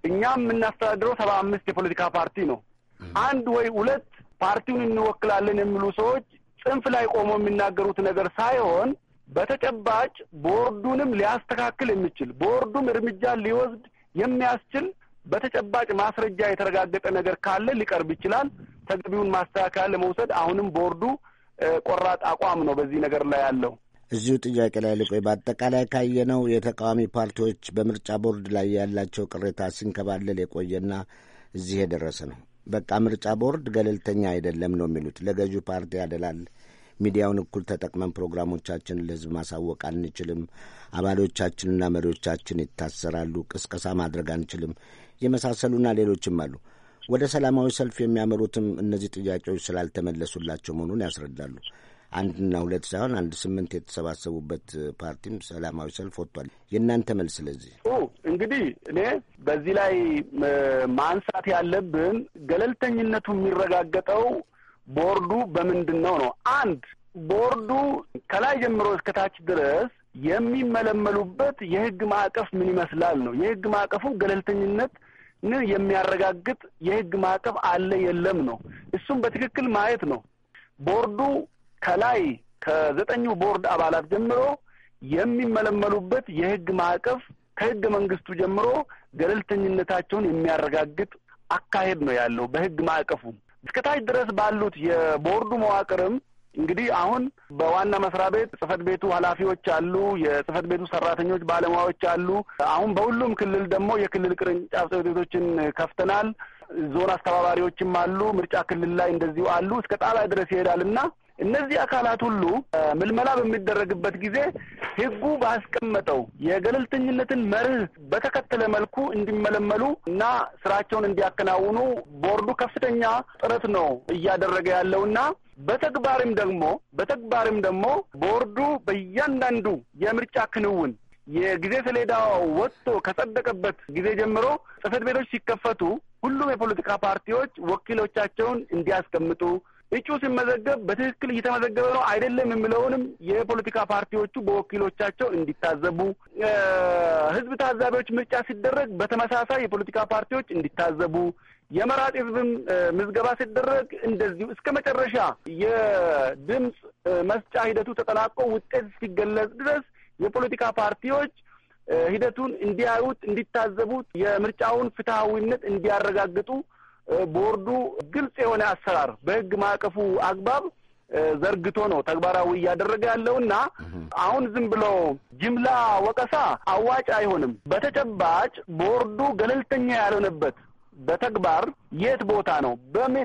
እኛም የምናስተዳድረው ሰባ አምስት የፖለቲካ ፓርቲ ነው። አንድ ወይ ሁለት ፓርቲውን እንወክላለን የሚሉ ሰዎች ጽንፍ ላይ ቆሞ የሚናገሩት ነገር ሳይሆን በተጨባጭ ቦርዱንም ሊያስተካክል የሚችል ቦርዱም እርምጃ ሊወስድ የሚያስችል በተጨባጭ ማስረጃ የተረጋገጠ ነገር ካለ ሊቀርብ ይችላል። ተገቢውን ማስተካከያ ለመውሰድ አሁንም ቦርዱ ቆራጥ አቋም ነው በዚህ ነገር ላይ ያለው። እዚሁ ጥያቄ ላይ ልቆይ። በአጠቃላይ ካየነው የተቃዋሚ ፓርቲዎች በምርጫ ቦርድ ላይ ያላቸው ቅሬታ ሲንከባለል የቆየና እዚህ የደረሰ ነው። በቃ ምርጫ ቦርድ ገለልተኛ አይደለም ነው የሚሉት። ለገዢው ፓርቲ ያደላል። ሚዲያውን እኩል ተጠቅመን ፕሮግራሞቻችን ለህዝብ ማሳወቅ አንችልም። አባሎቻችንና መሪዎቻችን ይታሰራሉ። ቅስቀሳ ማድረግ አንችልም። የመሳሰሉና ሌሎችም አሉ። ወደ ሰላማዊ ሰልፍ የሚያመሩትም እነዚህ ጥያቄዎች ስላልተመለሱላቸው መሆኑን ያስረዳሉ። አንድና ሁለት ሳይሆን አንድ ስምንት የተሰባሰቡበት ፓርቲም ሰላማዊ ሰልፍ ወጥቷል። የእናንተ መልስ ስለዚህ? እንግዲህ እኔ በዚህ ላይ ማንሳት ያለብን ገለልተኝነቱ የሚረጋገጠው ቦርዱ በምንድን ነው ነው። አንድ ቦርዱ ከላይ ጀምሮ እስከታች ድረስ የሚመለመሉበት የህግ ማዕቀፍ ምን ይመስላል ነው። የህግ ማዕቀፉ ገለልተኝነት ንን የሚያረጋግጥ የህግ ማዕቀፍ አለ የለም ነው። እሱም በትክክል ማየት ነው። ቦርዱ ከላይ ከዘጠኙ ቦርድ አባላት ጀምሮ የሚመለመሉበት የህግ ማዕቀፍ ከህገ መንግስቱ ጀምሮ ገለልተኝነታቸውን የሚያረጋግጥ አካሄድ ነው ያለው። በህግ ማዕቀፉ እስከታች ድረስ ባሉት የቦርዱ መዋቅርም እንግዲህ አሁን በዋና መስሪያ ቤት ጽህፈት ቤቱ ኃላፊዎች አሉ፣ የጽህፈት ቤቱ ሰራተኞች ባለሙያዎች አሉ። አሁን በሁሉም ክልል ደግሞ የክልል ቅርንጫፍ ጽህፈት ቤቶችን ከፍተናል። ዞን አስተባባሪዎችም አሉ፣ ምርጫ ክልል ላይ እንደዚሁ አሉ። እስከ ጣቢያ ድረስ ይሄዳል እና እነዚህ አካላት ሁሉ ምልመላ በሚደረግበት ጊዜ ህጉ ባስቀመጠው የገለልተኝነትን መርህ በተከተለ መልኩ እንዲመለመሉ እና ስራቸውን እንዲያከናውኑ ቦርዱ ከፍተኛ ጥረት ነው እያደረገ ያለውና በተግባርም ደግሞ በተግባርም ደግሞ ቦርዱ በእያንዳንዱ የምርጫ ክንውን የጊዜ ሰሌዳ ወጥቶ ከጸደቀበት ጊዜ ጀምሮ ጽህፈት ቤቶች ሲከፈቱ ሁሉም የፖለቲካ ፓርቲዎች ወኪሎቻቸውን እንዲያስቀምጡ እጩ ሲመዘገብ በትክክል እየተመዘገበ ነው አይደለም የሚለውንም የፖለቲካ ፓርቲዎቹ በወኪሎቻቸው እንዲታዘቡ፣ ህዝብ ታዛቢዎች ምርጫ ሲደረግ በተመሳሳይ የፖለቲካ ፓርቲዎች እንዲታዘቡ፣ የመራጭ ህዝብም ምዝገባ ሲደረግ እንደዚሁ እስከ መጨረሻ የድምፅ መስጫ ሂደቱ ተጠናቆ ውጤት ሲገለጽ ድረስ የፖለቲካ ፓርቲዎች ሂደቱን እንዲያዩት፣ እንዲታዘቡት፣ የምርጫውን ፍትሐዊነት እንዲያረጋግጡ ቦርዱ ግልጽ የሆነ አሰራር በህግ ማዕቀፉ አግባብ ዘርግቶ ነው ተግባራዊ እያደረገ ያለው እና አሁን ዝም ብሎ ጅምላ ወቀሳ አዋጭ አይሆንም። በተጨባጭ ቦርዱ ገለልተኛ ያልሆነበት በተግባር የት ቦታ ነው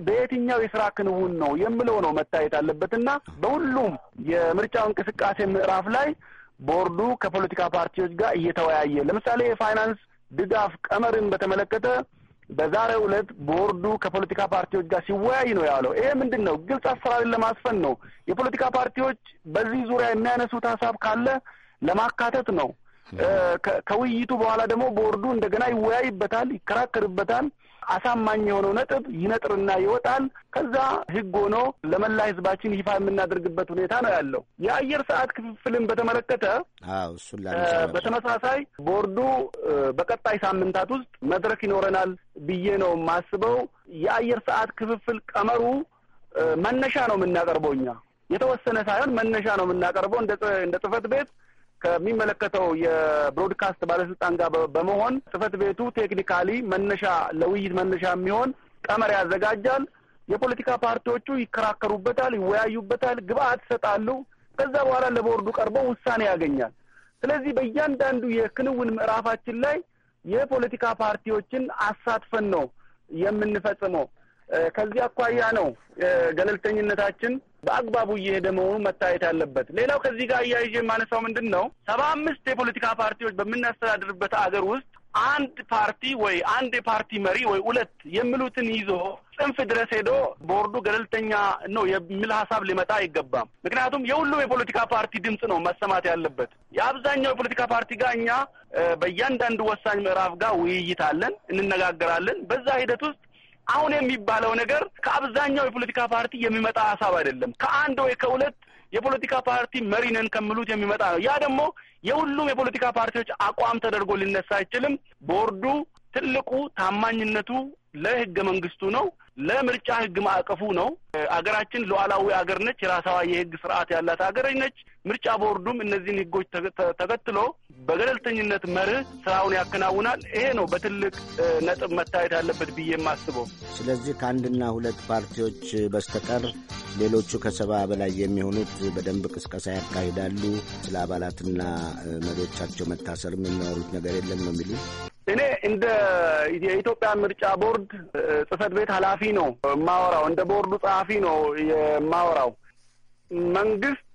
በየትኛው የስራ ክንውን ነው የምለው ነው መታየት አለበትና በሁሉም የምርጫው እንቅስቃሴ ምዕራፍ ላይ ቦርዱ ከፖለቲካ ፓርቲዎች ጋር እየተወያየ ለምሳሌ የፋይናንስ ድጋፍ ቀመርን በተመለከተ በዛሬው ዕለት ቦርዱ ከፖለቲካ ፓርቲዎች ጋር ሲወያይ ነው ያለው። ይሄ ምንድን ነው? ግልጽ አሰራርን ለማስፈን ነው። የፖለቲካ ፓርቲዎች በዚህ ዙሪያ የሚያነሱት ሀሳብ ካለ ለማካተት ነው። ከውይይቱ በኋላ ደግሞ ቦርዱ እንደገና ይወያይበታል፣ ይከራከርበታል። አሳማኝ የሆነው ነጥብ ይነጥርና ይወጣል። ከዛ ህግ ሆኖ ለመላ ህዝባችን ይፋ የምናደርግበት ሁኔታ ነው ያለው። የአየር ሰዓት ክፍፍልን በተመለከተ በተመሳሳይ ቦርዱ በቀጣይ ሳምንታት ውስጥ መድረክ ይኖረናል ብዬ ነው የማስበው። የአየር ሰዓት ክፍፍል ቀመሩ መነሻ ነው የምናቀርበው እኛ የተወሰነ ሳይሆን መነሻ ነው የምናቀርበው እንደ ጽህፈት ቤት ከሚመለከተው የብሮድካስት ባለስልጣን ጋር በመሆን ጽህፈት ቤቱ ቴክኒካሊ መነሻ ለውይይት መነሻ የሚሆን ቀመር ያዘጋጃል። የፖለቲካ ፓርቲዎቹ ይከራከሩበታል፣ ይወያዩበታል፣ ግብአት ይሰጣሉ። ከዛ በኋላ ለቦርዱ ቀርበው ውሳኔ ያገኛል። ስለዚህ በእያንዳንዱ የክንውን ምዕራፋችን ላይ የፖለቲካ ፓርቲዎችን አሳትፈን ነው የምንፈጽመው። ከዚህ አኳያ ነው ገለልተኝነታችን በአግባቡ እየሄደ መሆኑ መታየት አለበት። ሌላው ከዚህ ጋር እያይዤ የማነሳው ምንድን ነው ሰባ አምስት የፖለቲካ ፓርቲዎች በምናስተዳድርበት አገር ውስጥ አንድ ፓርቲ ወይ አንድ የፓርቲ መሪ ወይ ሁለት የሚሉትን ይዞ ጽንፍ ድረስ ሄዶ ቦርዱ ገለልተኛ ነው የሚል ሀሳብ ሊመጣ አይገባም። ምክንያቱም የሁሉም የፖለቲካ ፓርቲ ድምፅ ነው መሰማት ያለበት። የአብዛኛው የፖለቲካ ፓርቲ ጋር እኛ በእያንዳንዱ ወሳኝ ምዕራፍ ጋር ውይይት አለን፣ እንነጋገራለን። በዛ ሂደት ውስጥ አሁን የሚባለው ነገር ከአብዛኛው የፖለቲካ ፓርቲ የሚመጣ ሀሳብ አይደለም። ከአንድ ወይ ከሁለት የፖለቲካ ፓርቲ መሪ ነን ከሚሉት የሚመጣ ነው። ያ ደግሞ የሁሉም የፖለቲካ ፓርቲዎች አቋም ተደርጎ ሊነሳ አይችልም። ቦርዱ ትልቁ ታማኝነቱ ለህገ መንግስቱ ነው፣ ለምርጫ ህግ ማዕቀፉ ነው። አገራችን ሉዓላዊ አገር ነች። የራሳዋ የህግ ስርዓት ያላት አገር ነች። ምርጫ ቦርዱም እነዚህን ህጎች ተከትሎ በገለልተኝነት መርህ ስራውን ያከናውናል። ይሄ ነው በትልቅ ነጥብ መታየት ያለበት ብዬ የማስበው። ስለዚህ ከአንድና ሁለት ፓርቲዎች በስተቀር ሌሎቹ ከሰባ በላይ የሚሆኑት በደንብ ቅስቀሳ ያካሂዳሉ። ስለ አባላትና መሪዎቻቸው መታሰርም የሚያወሩት ነገር የለም ነው የሚሉት እንደ የኢትዮጵያ ምርጫ ቦርድ ጽህፈት ቤት ኃላፊ ነው የማወራው። እንደ ቦርዱ ጸሐፊ ነው የማወራው። መንግስት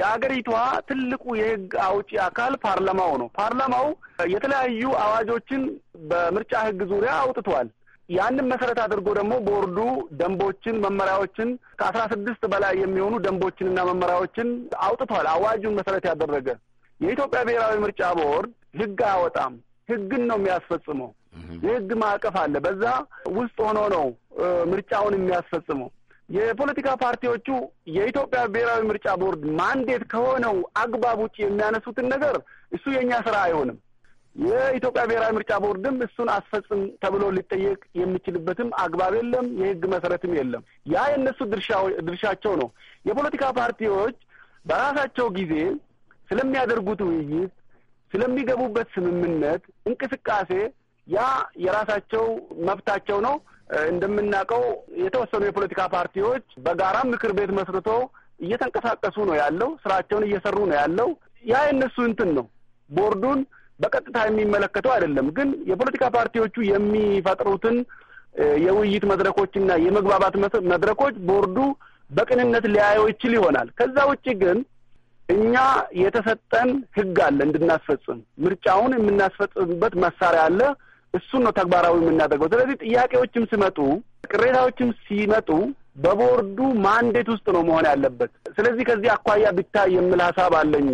የአገሪቷ ትልቁ የህግ አውጪ አካል ፓርላማው ነው። ፓርላማው የተለያዩ አዋጆችን በምርጫ ህግ ዙሪያ አውጥቷል። ያንን መሰረት አድርጎ ደግሞ ቦርዱ ደንቦችን፣ መመሪያዎችን ከአስራ ስድስት በላይ የሚሆኑ ደንቦችንና መመሪያዎችን አውጥቷል። አዋጁን መሰረት ያደረገ የኢትዮጵያ ብሔራዊ ምርጫ ቦርድ ህግ አያወጣም። ህግን ነው የሚያስፈጽመው። የህግ ማዕቀፍ አለ። በዛ ውስጥ ሆኖ ነው ምርጫውን የሚያስፈጽመው። የፖለቲካ ፓርቲዎቹ የኢትዮጵያ ብሔራዊ ምርጫ ቦርድ ማንዴት ከሆነው አግባብ ውጭ የሚያነሱትን ነገር እሱ የእኛ ስራ አይሆንም። የኢትዮጵያ ብሔራዊ ምርጫ ቦርድም እሱን አስፈጽም ተብሎ ሊጠየቅ የሚችልበትም አግባብ የለም፣ የህግ መሰረትም የለም። ያ የእነሱ ድርሻቸው ነው። የፖለቲካ ፓርቲዎች በራሳቸው ጊዜ ስለሚያደርጉት ውይይት ስለሚገቡበት ስምምነት እንቅስቃሴ ያ የራሳቸው መብታቸው ነው። እንደምናውቀው የተወሰኑ የፖለቲካ ፓርቲዎች በጋራ ምክር ቤት መስርቶ እየተንቀሳቀሱ ነው ያለው፣ ስራቸውን እየሰሩ ነው ያለው። ያ የእነሱ እንትን ነው። ቦርዱን በቀጥታ የሚመለከተው አይደለም። ግን የፖለቲካ ፓርቲዎቹ የሚፈጥሩትን የውይይት መድረኮችና የመግባባት መድረኮች ቦርዱ በቅንነት ሊያየው ይችል ይሆናል። ከዛ ውጭ ግን እኛ የተሰጠን ህግ አለ እንድናስፈጽም ምርጫውን የምናስፈጽምበት መሳሪያ አለ። እሱን ነው ተግባራዊ የምናደርገው። ስለዚህ ጥያቄዎችም ሲመጡ ቅሬታዎችም ሲመጡ በቦርዱ ማንዴት ውስጥ ነው መሆን ያለበት። ስለዚህ ከዚህ አኳያ ቢታይ የሚል ሀሳብ አለኝ።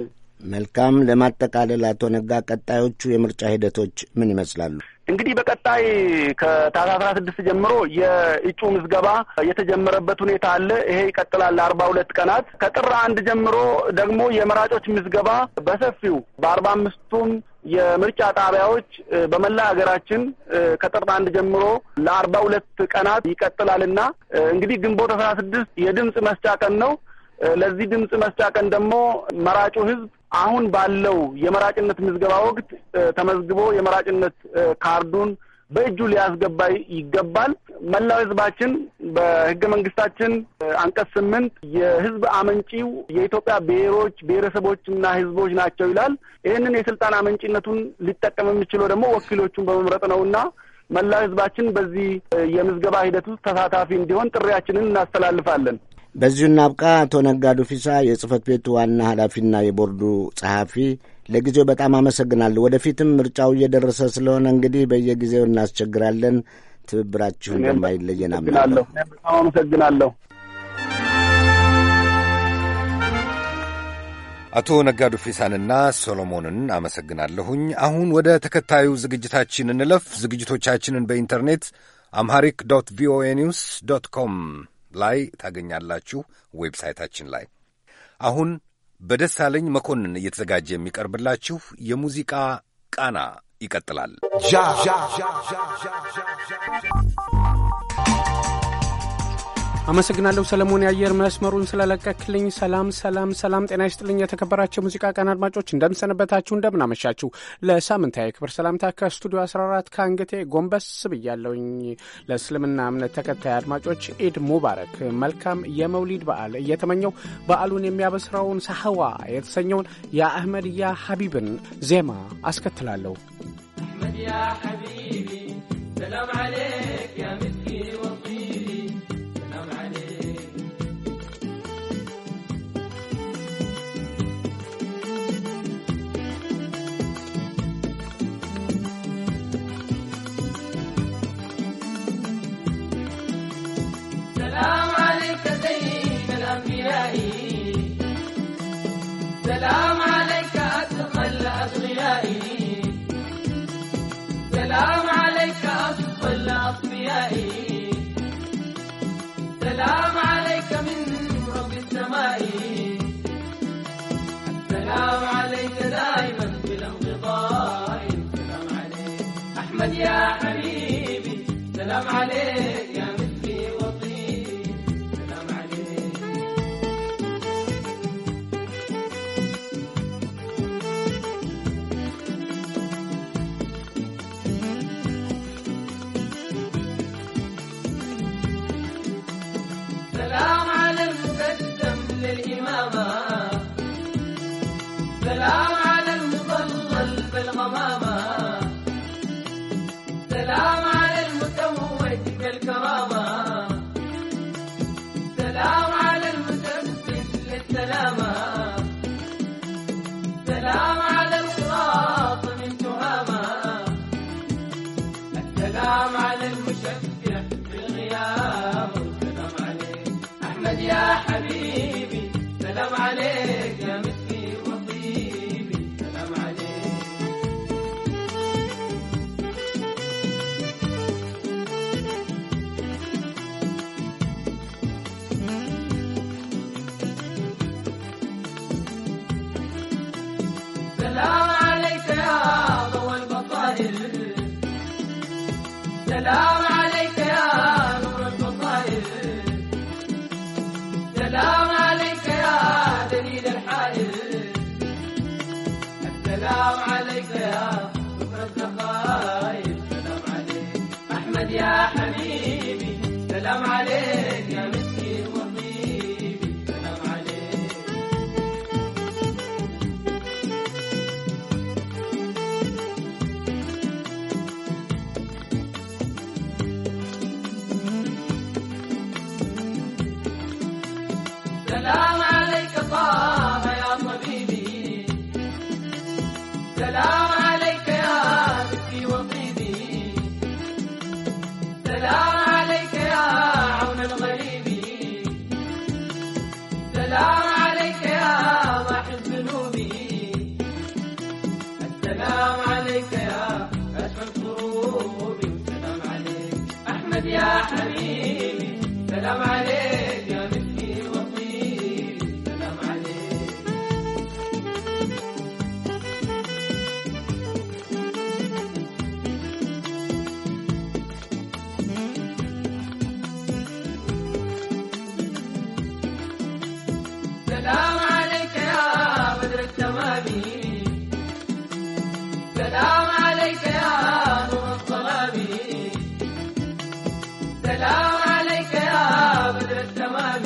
መልካም። ለማጠቃለል አቶ ነጋ፣ ቀጣዮቹ የምርጫ ሂደቶች ምን ይመስላሉ? እንግዲህ በቀጣይ ከታህሳስ አስራ ስድስት ጀምሮ የእጩ ምዝገባ የተጀመረበት ሁኔታ አለ። ይሄ ይቀጥላል ለአርባ ሁለት ቀናት። ከጥር አንድ ጀምሮ ደግሞ የመራጮች ምዝገባ በሰፊው በአርባ አምስቱም የምርጫ ጣቢያዎች በመላ ሀገራችን ከጥር አንድ ጀምሮ ለአርባ ሁለት ቀናት ይቀጥላልና እንግዲህ ግንቦት አስራ ስድስት የድምፅ መስጫ ቀን ነው። ለዚህ ድምፅ መስጫ ቀን ደግሞ መራጩ ህዝብ አሁን ባለው የመራጭነት ምዝገባ ወቅት ተመዝግቦ የመራጭነት ካርዱን በእጁ ሊያስገባ ይገባል። መላው ህዝባችን በህገ መንግስታችን አንቀጽ ስምንት የህዝብ አመንጪው የኢትዮጵያ ብሔሮች ብሔረሰቦችና ህዝቦች ናቸው ይላል። ይህንን የስልጣን አመንጪነቱን ሊጠቀም የሚችለው ደግሞ ወኪሎቹን በመምረጥ ነውና መላው ህዝባችን በዚህ የምዝገባ ሂደት ውስጥ ተሳታፊ እንዲሆን ጥሪያችንን እናስተላልፋለን። በዚሁ እናብቃ። አቶ ነጋዱ ፊሳ የጽህፈት ቤቱ ዋና ኃላፊና የቦርዱ ጸሐፊ፣ ለጊዜው በጣም አመሰግናለሁ። ወደፊትም ምርጫው እየደረሰ ስለሆነ እንግዲህ በየጊዜው እናስቸግራለን። ትብብራችሁን እንደማይለየን አምናለሁ። በጣም አመሰግናለሁ። አቶ ነጋዱ ፊሳንና ሶሎሞንን አመሰግናለሁኝ። አሁን ወደ ተከታዩ ዝግጅታችን እንለፍ። ዝግጅቶቻችንን በኢንተርኔት አምሃሪክ ዶት ቪኦኤ ኒውስ ዶት ኮም ላይ ታገኛላችሁ፣ ዌብሳይታችን ላይ። አሁን በደሳለኝ መኮንን እየተዘጋጀ የሚቀርብላችሁ የሙዚቃ ቃና ይቀጥላል። አመሰግናለሁ ሰለሞን የአየር መስመሩን ስለለቀክልኝ። ሰላም ሰላም ሰላም፣ ጤና ይስጥልኝ። የተከበራቸው የሙዚቃ ቀን አድማጮች እንደምንሰነበታችሁ፣ እንደምናመሻችሁ። ለሳምንታዊ ክብር ሰላምታ ከስቱዲዮ 14 ከአንገቴ ጎንበስ ብያለውኝ። ለእስልምና እምነት ተከታይ አድማጮች ኢድ ሙባረክ፣ መልካም የመውሊድ በዓል እየተመኘው በዓሉን የሚያበስረውን ሳህዋ የተሰኘውን የአህመድያ ሀቢብን ዜማ አስከትላለሁ። አህመድያ ሀቢቢ ሰላም አሌ سلام عليك أتقى الأغنياء سلام عليك أتقى أصفيائي سلام عليك من رب السماء السلام عليك دائما في بالانقضاء سلام عليك أحمد يا حبيبي سلام عليك love.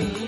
Swami.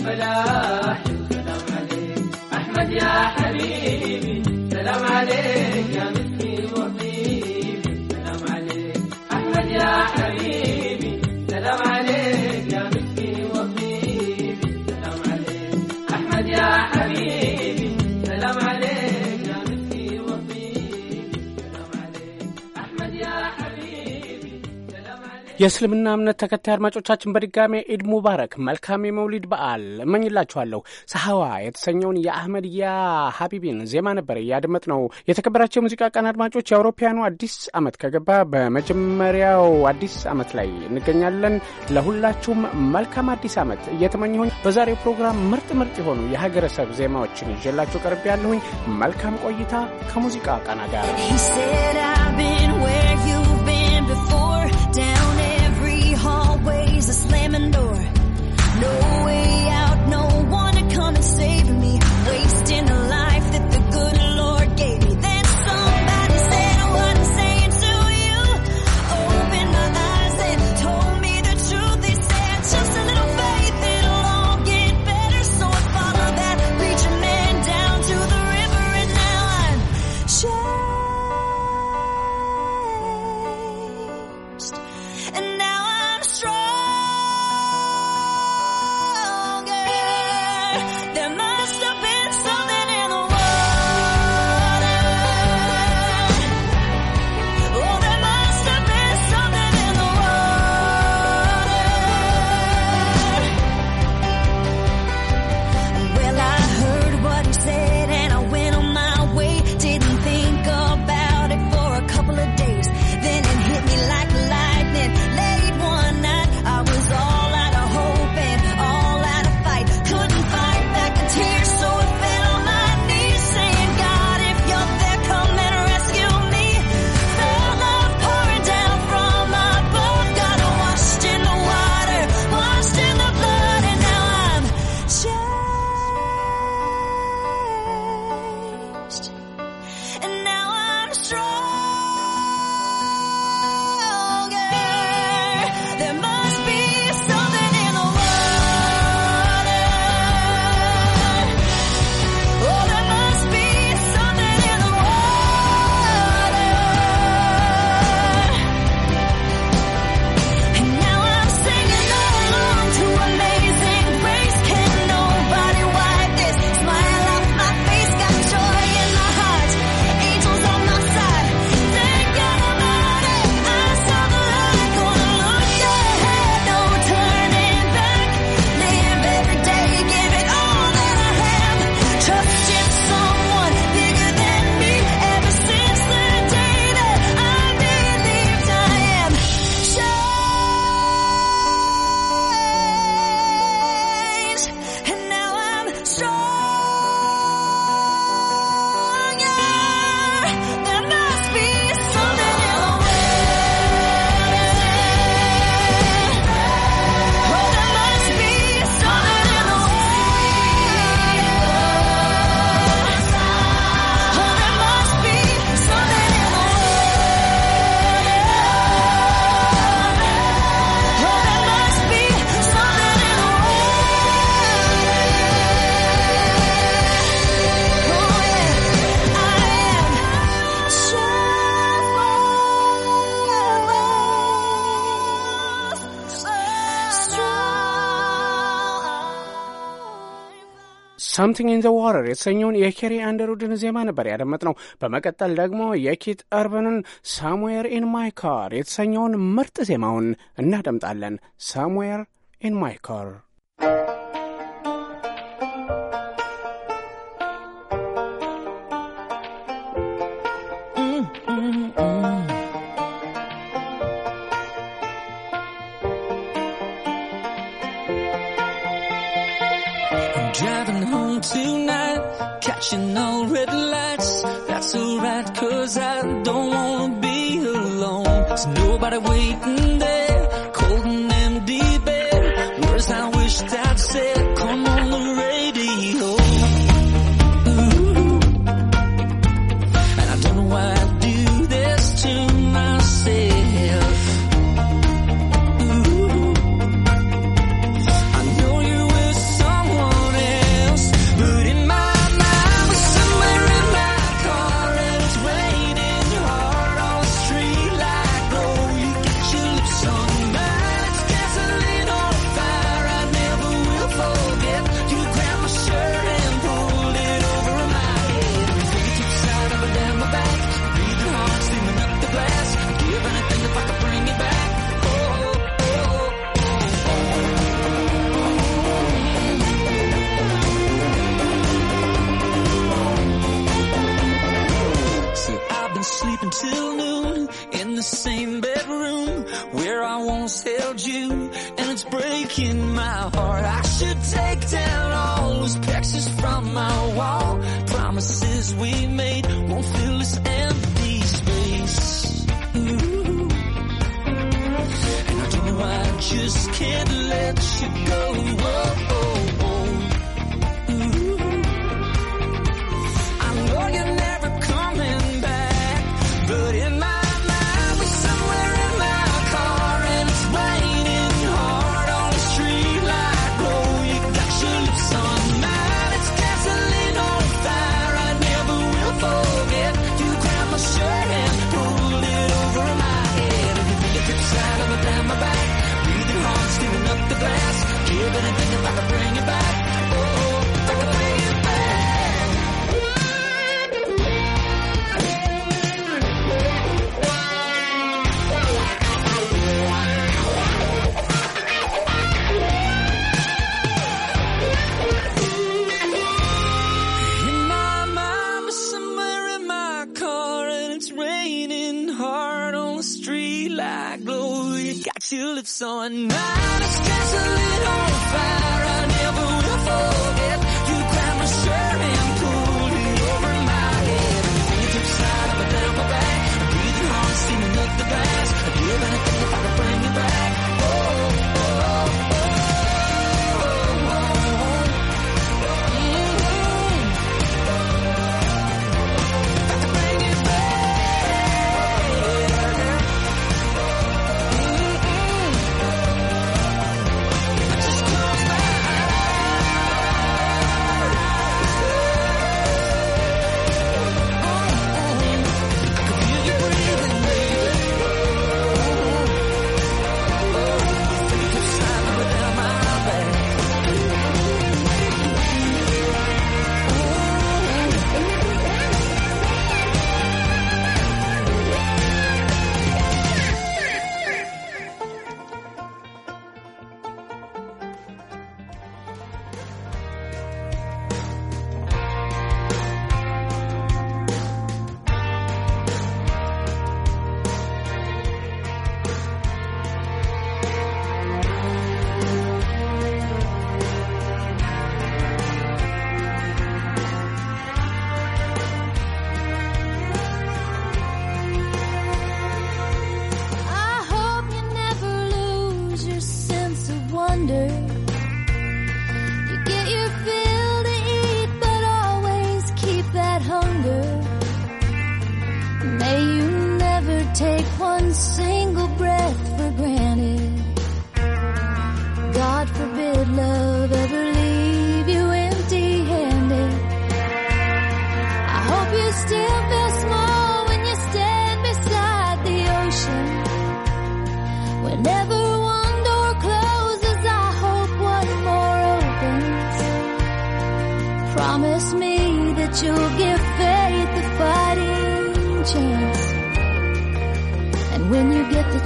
الفلاح سلام عليك أحمد يا حبيبي سلام عليك يا የእስልምና እምነት ተከታይ አድማጮቻችን በድጋሜ ኢድ ሙባረክ፣ መልካም የመውሊድ በዓል እመኝላችኋለሁ። ሰሐዋ የተሰኘውን የአህመድያ ሀቢቢን ዜማ ነበር እያደመጥ ነው። የተከበራቸው የሙዚቃ ቀን አድማጮች፣ የአውሮፓውያኑ አዲስ ዓመት ከገባ በመጀመሪያው አዲስ ዓመት ላይ እንገኛለን። ለሁላችሁም መልካም አዲስ ዓመት እየተመኘሁኝ በዛሬው ፕሮግራም ምርጥ ምርጥ የሆኑ የሀገረሰብ ዜማዎችን ይዤላችሁ ቀርቤ ያለሁኝ። መልካም ቆይታ ከሙዚቃ ቃና ጋር a slamming door. ሳምቲንግ ኢን ዘ ዋተር የተሰኘውን የኬሪ አንደርውድን ዜማ ነበር ያደመጥነው። በመቀጠል ደግሞ የኪት እርብንን ሳምዌር ኢን ማይ ካር የተሰኘውን ምርጥ ዜማውን እናደምጣለን። ሳምዌር ኢን ማይ ካር tonight, catching all red lights. That's alright, cause I don't wanna be alone. There's nobody waiting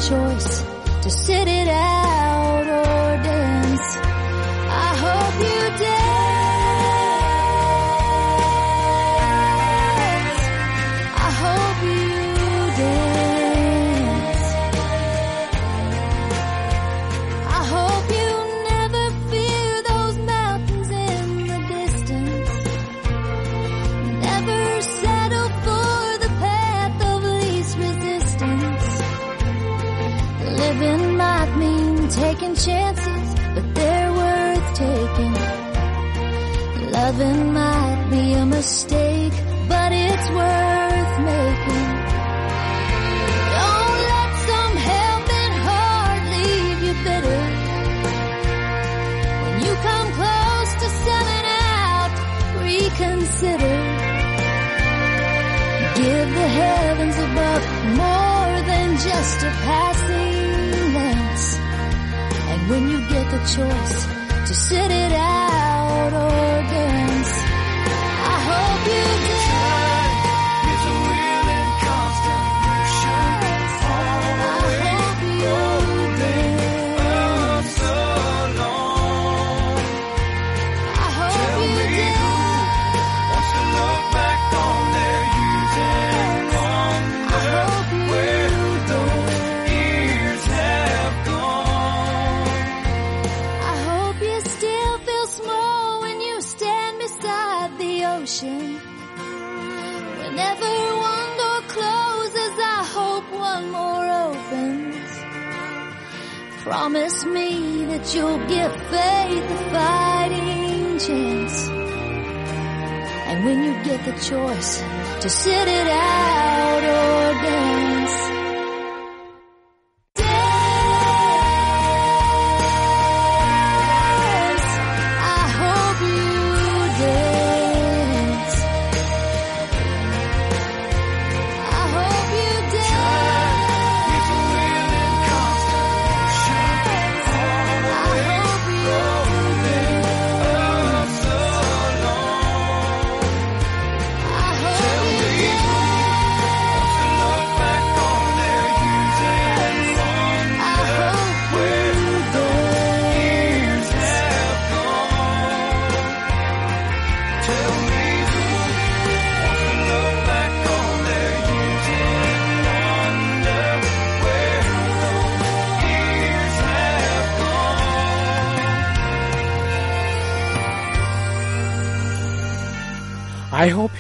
choice to sit it out. just a passing glance. And when you get the choice to sit it out. ocean. Whenever one door closes, I hope one more opens. Promise me that you'll give faith a fighting chance. And when you get the choice to sit it out or dance,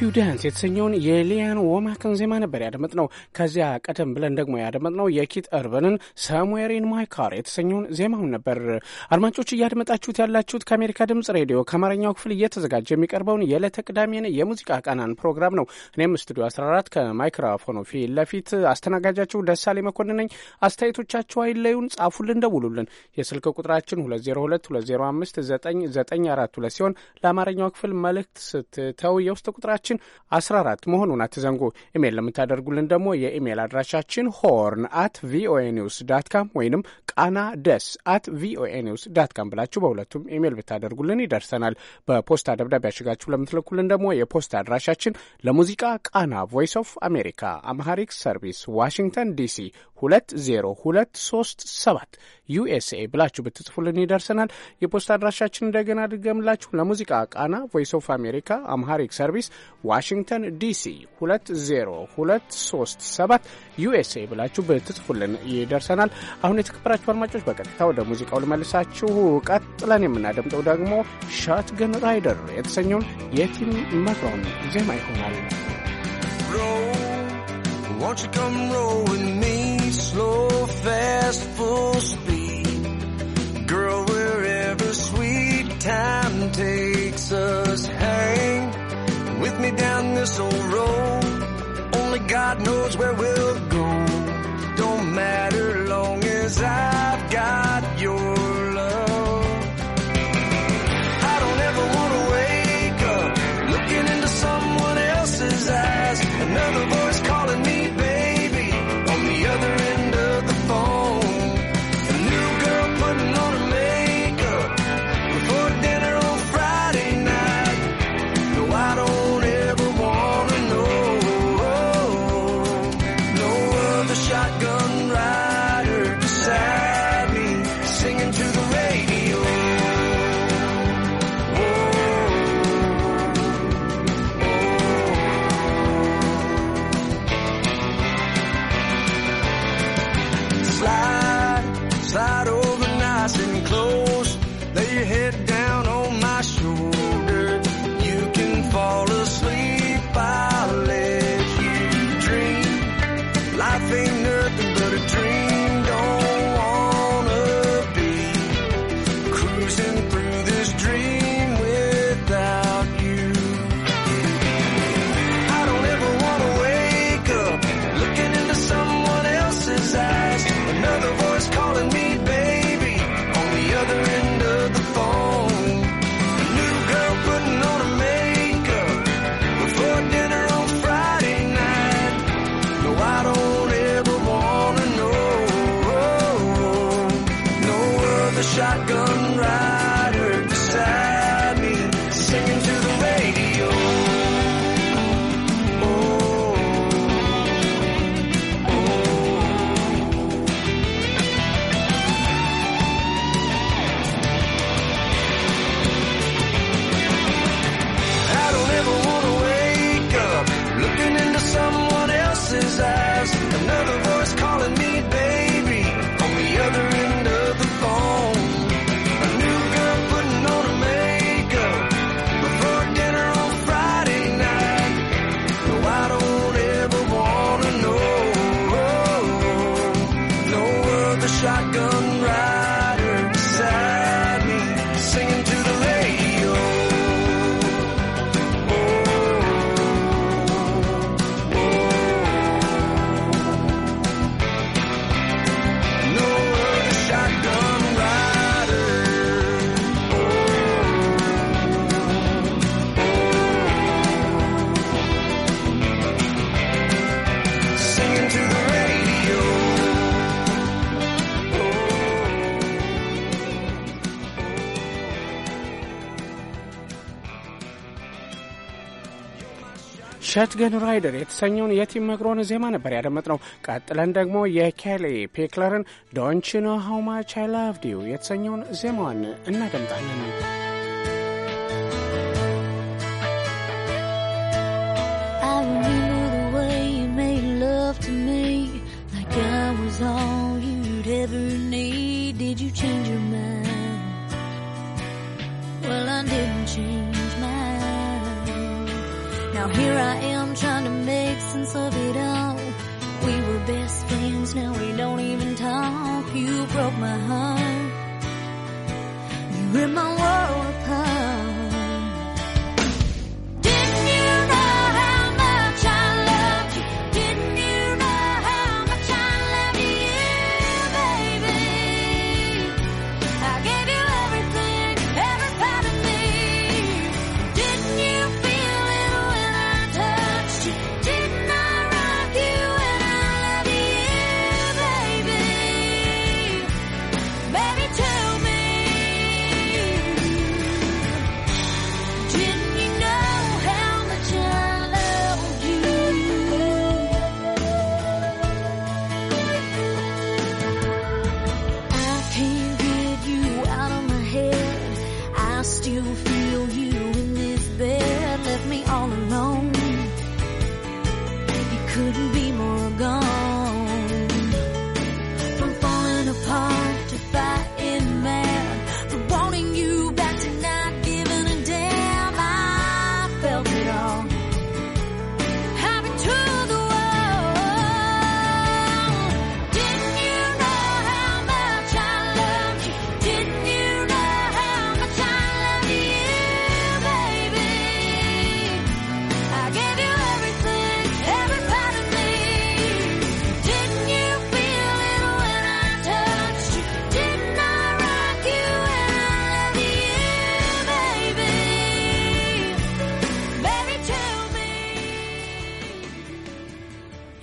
ዩ ዳንስ የተሰኘውን የሊያን ወማክን ዜማ ነበር ያደመጥነው። ከዚያ ቀደም ብለን ደግሞ ያደመጥነው የኪት እርብንን ሳምዌር ኢን ማይ ካር የተሰኘውን ዜማውን ነበር። አድማጮች እያደመጣችሁት ያላችሁት ከአሜሪካ ድምጽ ሬዲዮ ከአማርኛው ክፍል እየተዘጋጀ የሚቀርበውን የዕለተ ቅዳሜን የሙዚቃ ቃናን ፕሮግራም ነው። እኔም ስቱዲዮ 14 ከማይክሮፎኑ ፊት ለፊት አስተናጋጃችሁ ደሳሌ መኮንን ነኝ። አስተያየቶቻችሁ አይለዩን፣ ጻፉልን፣ ደውሉልን። የስልክ ቁጥራችን 2022059942 ሲሆን ለአማርኛው ክፍል መልእክት ስትተው የውስጥ ቁጥራችን አድራሻችን 14 መሆኑን አትዘንጉ። ኢሜይል ለምታደርጉልን ደግሞ የኢሜይል አድራሻችን ሆርን አት ቪኦኤ ኒውስ ዳት ካም ወይንም ቃና ደስ አት ቪኦኤ ኒውስ ዳት ካም ብላችሁ በሁለቱም ኢሜይል ብታደርጉልን ይደርሰናል። በፖስታ ደብዳቤ ያሽጋችሁ ለምትልኩልን ደግሞ የፖስታ አድራሻችን ለሙዚቃ ቃና ቮይስ ኦፍ አሜሪካ አምሃሪክ ሰርቪስ ዋሽንግተን ዲሲ 20237 ዩኤስኤ ብላችሁ ብትጽፉልን ይደርሰናል። የፖስታ አድራሻችን እንደገና ድገምላችሁ ለሙዚቃ ቃና ቮይስ ኦፍ አሜሪካ አምሃሪክ ሰርቪስ ዋሽንግተን ዲሲ 20237 ዩኤስኤ ብላችሁ ብትጽፉልን ይደርሰናል። አሁን የተከበራችሁ አድማጮች በቀጥታ ወደ ሙዚቃው ልመልሳችሁ። ቀጥለን የምናደምጠው ደግሞ ሻትገን ራይደር የተሰኘውን የቲም መሮን ዜማ ይሆናል። Won't you come roll with me, slow, fast, full speed? Girl, wherever sweet time takes us, hang with me down this old road. Only God knows where we'll go. Don't matter long as I ሸትገን ራይደር የተሰኘውን የቲም መግሮን ዜማ ነበር ያደመጥነው። ቀጥለን ደግሞ የኬሊ ፒክለርን ዶንት ዩ ኖው ሃው ማች አይ ላቭድ ዩ የተሰኘውን ዜማዋን እናደምጣለን። Well, I did Now here I am trying to make sense of it all. We were best friends, now we don't even talk. You broke my heart. you ripped in my world.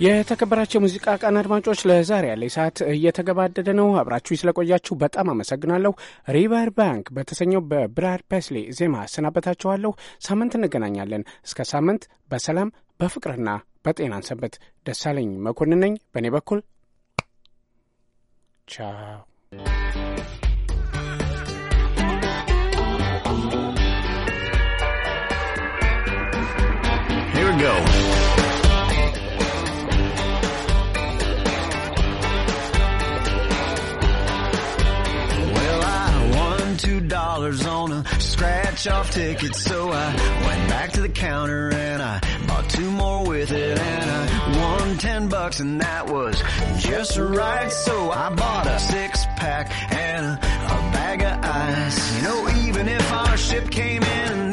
የተከበራቸው የሙዚቃ ቀን አድማጮች ለዛሬ ያለ ሰዓት እየተገባደደ ነው። አብራችሁ ስለቆያችሁ በጣም አመሰግናለሁ። ሪቨር ባንክ በተሰኘው በብራድ ፔስሌ ዜማ አሰናበታችኋለሁ። ሳምንት እንገናኛለን። እስከ ሳምንት በሰላም በፍቅርና በጤና እንሰንበት። ደሳለኝ መኮንን ነኝ። በእኔ በኩል ቻው። Here we go. two dollars on a scratch off ticket. So I went back to the counter and I bought two more with it and I won ten bucks and that was just right. So I bought a six pack and a, bag of ice. You know, even if our ship came in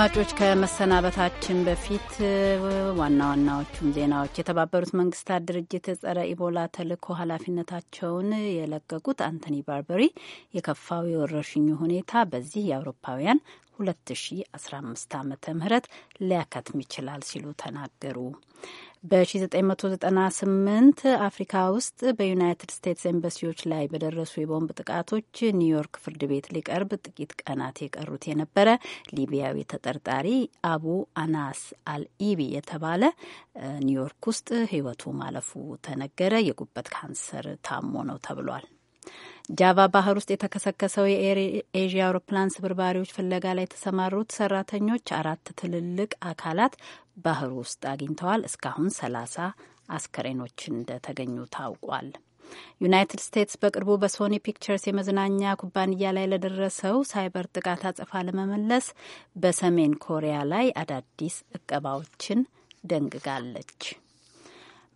አድማጮች ከመሰናበታችን በፊት uh, ዋና ዋናዎቹም ዜናዎች የተባበሩት መንግስታት ድርጅት ጸረ ኢቦላ ተልዕኮ ኃላፊነታቸውን የለቀቁት አንቶኒ ባርበሪ የከፋው የወረርሽኙ ሁኔታ በዚህ የአውሮፓውያን 2015 ዓ ም ሊያከትም ይችላል ሲሉ ተናገሩ። በ1998 አፍሪካ ውስጥ በዩናይትድ ስቴትስ ኤምባሲዎች ላይ በደረሱ የቦምብ ጥቃቶች ኒውዮርክ ፍርድ ቤት ሊቀርብ ጥቂት ቀናት የቀሩት የነበረ ሊቢያዊ ተጠርጣሪ አቡ አናስ አልኢቢ የተባለ ኒውዮርክ ውስጥ ሕይወቱ ማለፉ ተነገረ። የጉበት ካንሰር ታሞ ነው ተብሏል። ጃቫ ባህር ውስጥ የተከሰከሰው የኤዥያ ኤዥያ አውሮፕላን ስብርባሪዎች ፍለጋ ላይ የተሰማሩት ሰራተኞች አራት ትልልቅ አካላት ባህር ውስጥ አግኝተዋል። እስካሁን ሰላሳ አስከሬኖች እንደተገኙ ታውቋል። ዩናይትድ ስቴትስ በቅርቡ በሶኒ ፒክቸርስ የመዝናኛ ኩባንያ ላይ ለደረሰው ሳይበር ጥቃት አጸፋ ለመመለስ በሰሜን ኮሪያ ላይ አዳዲስ እቀባዎችን ደንግጋለች።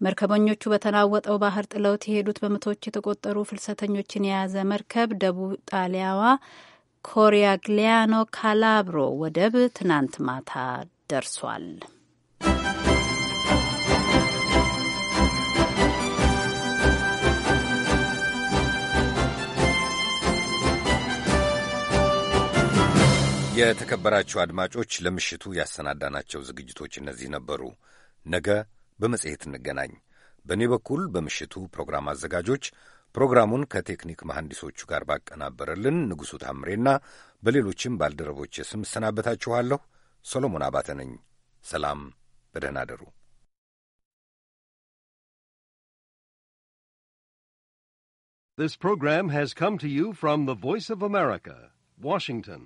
መርከበኞቹ በተናወጠው ባህር ጥለውት የሄዱት በመቶዎች የተቆጠሩ ፍልሰተኞችን የያዘ መርከብ ደቡብ ጣሊያዋ ኮሪያግሊያኖ ካላብሮ ወደብ ትናንት ማታ ደርሷል። የተከበራችሁ አድማጮች ለምሽቱ ያሰናዳናቸው ዝግጅቶች እነዚህ ነበሩ። ነገ በመጽሔት እንገናኝ። በእኔ በኩል በምሽቱ ፕሮግራም አዘጋጆች ፕሮግራሙን ከቴክኒክ መሐንዲሶቹ ጋር ባቀናበረልን ንጉሡ ታምሬና በሌሎችም ባልደረቦች ስም እሰናበታችኋለሁ። ሰሎሞን አባተ ነኝ። ሰላም፣ በደህና አደሩ። This program has come to you from the Voice of America, Washington.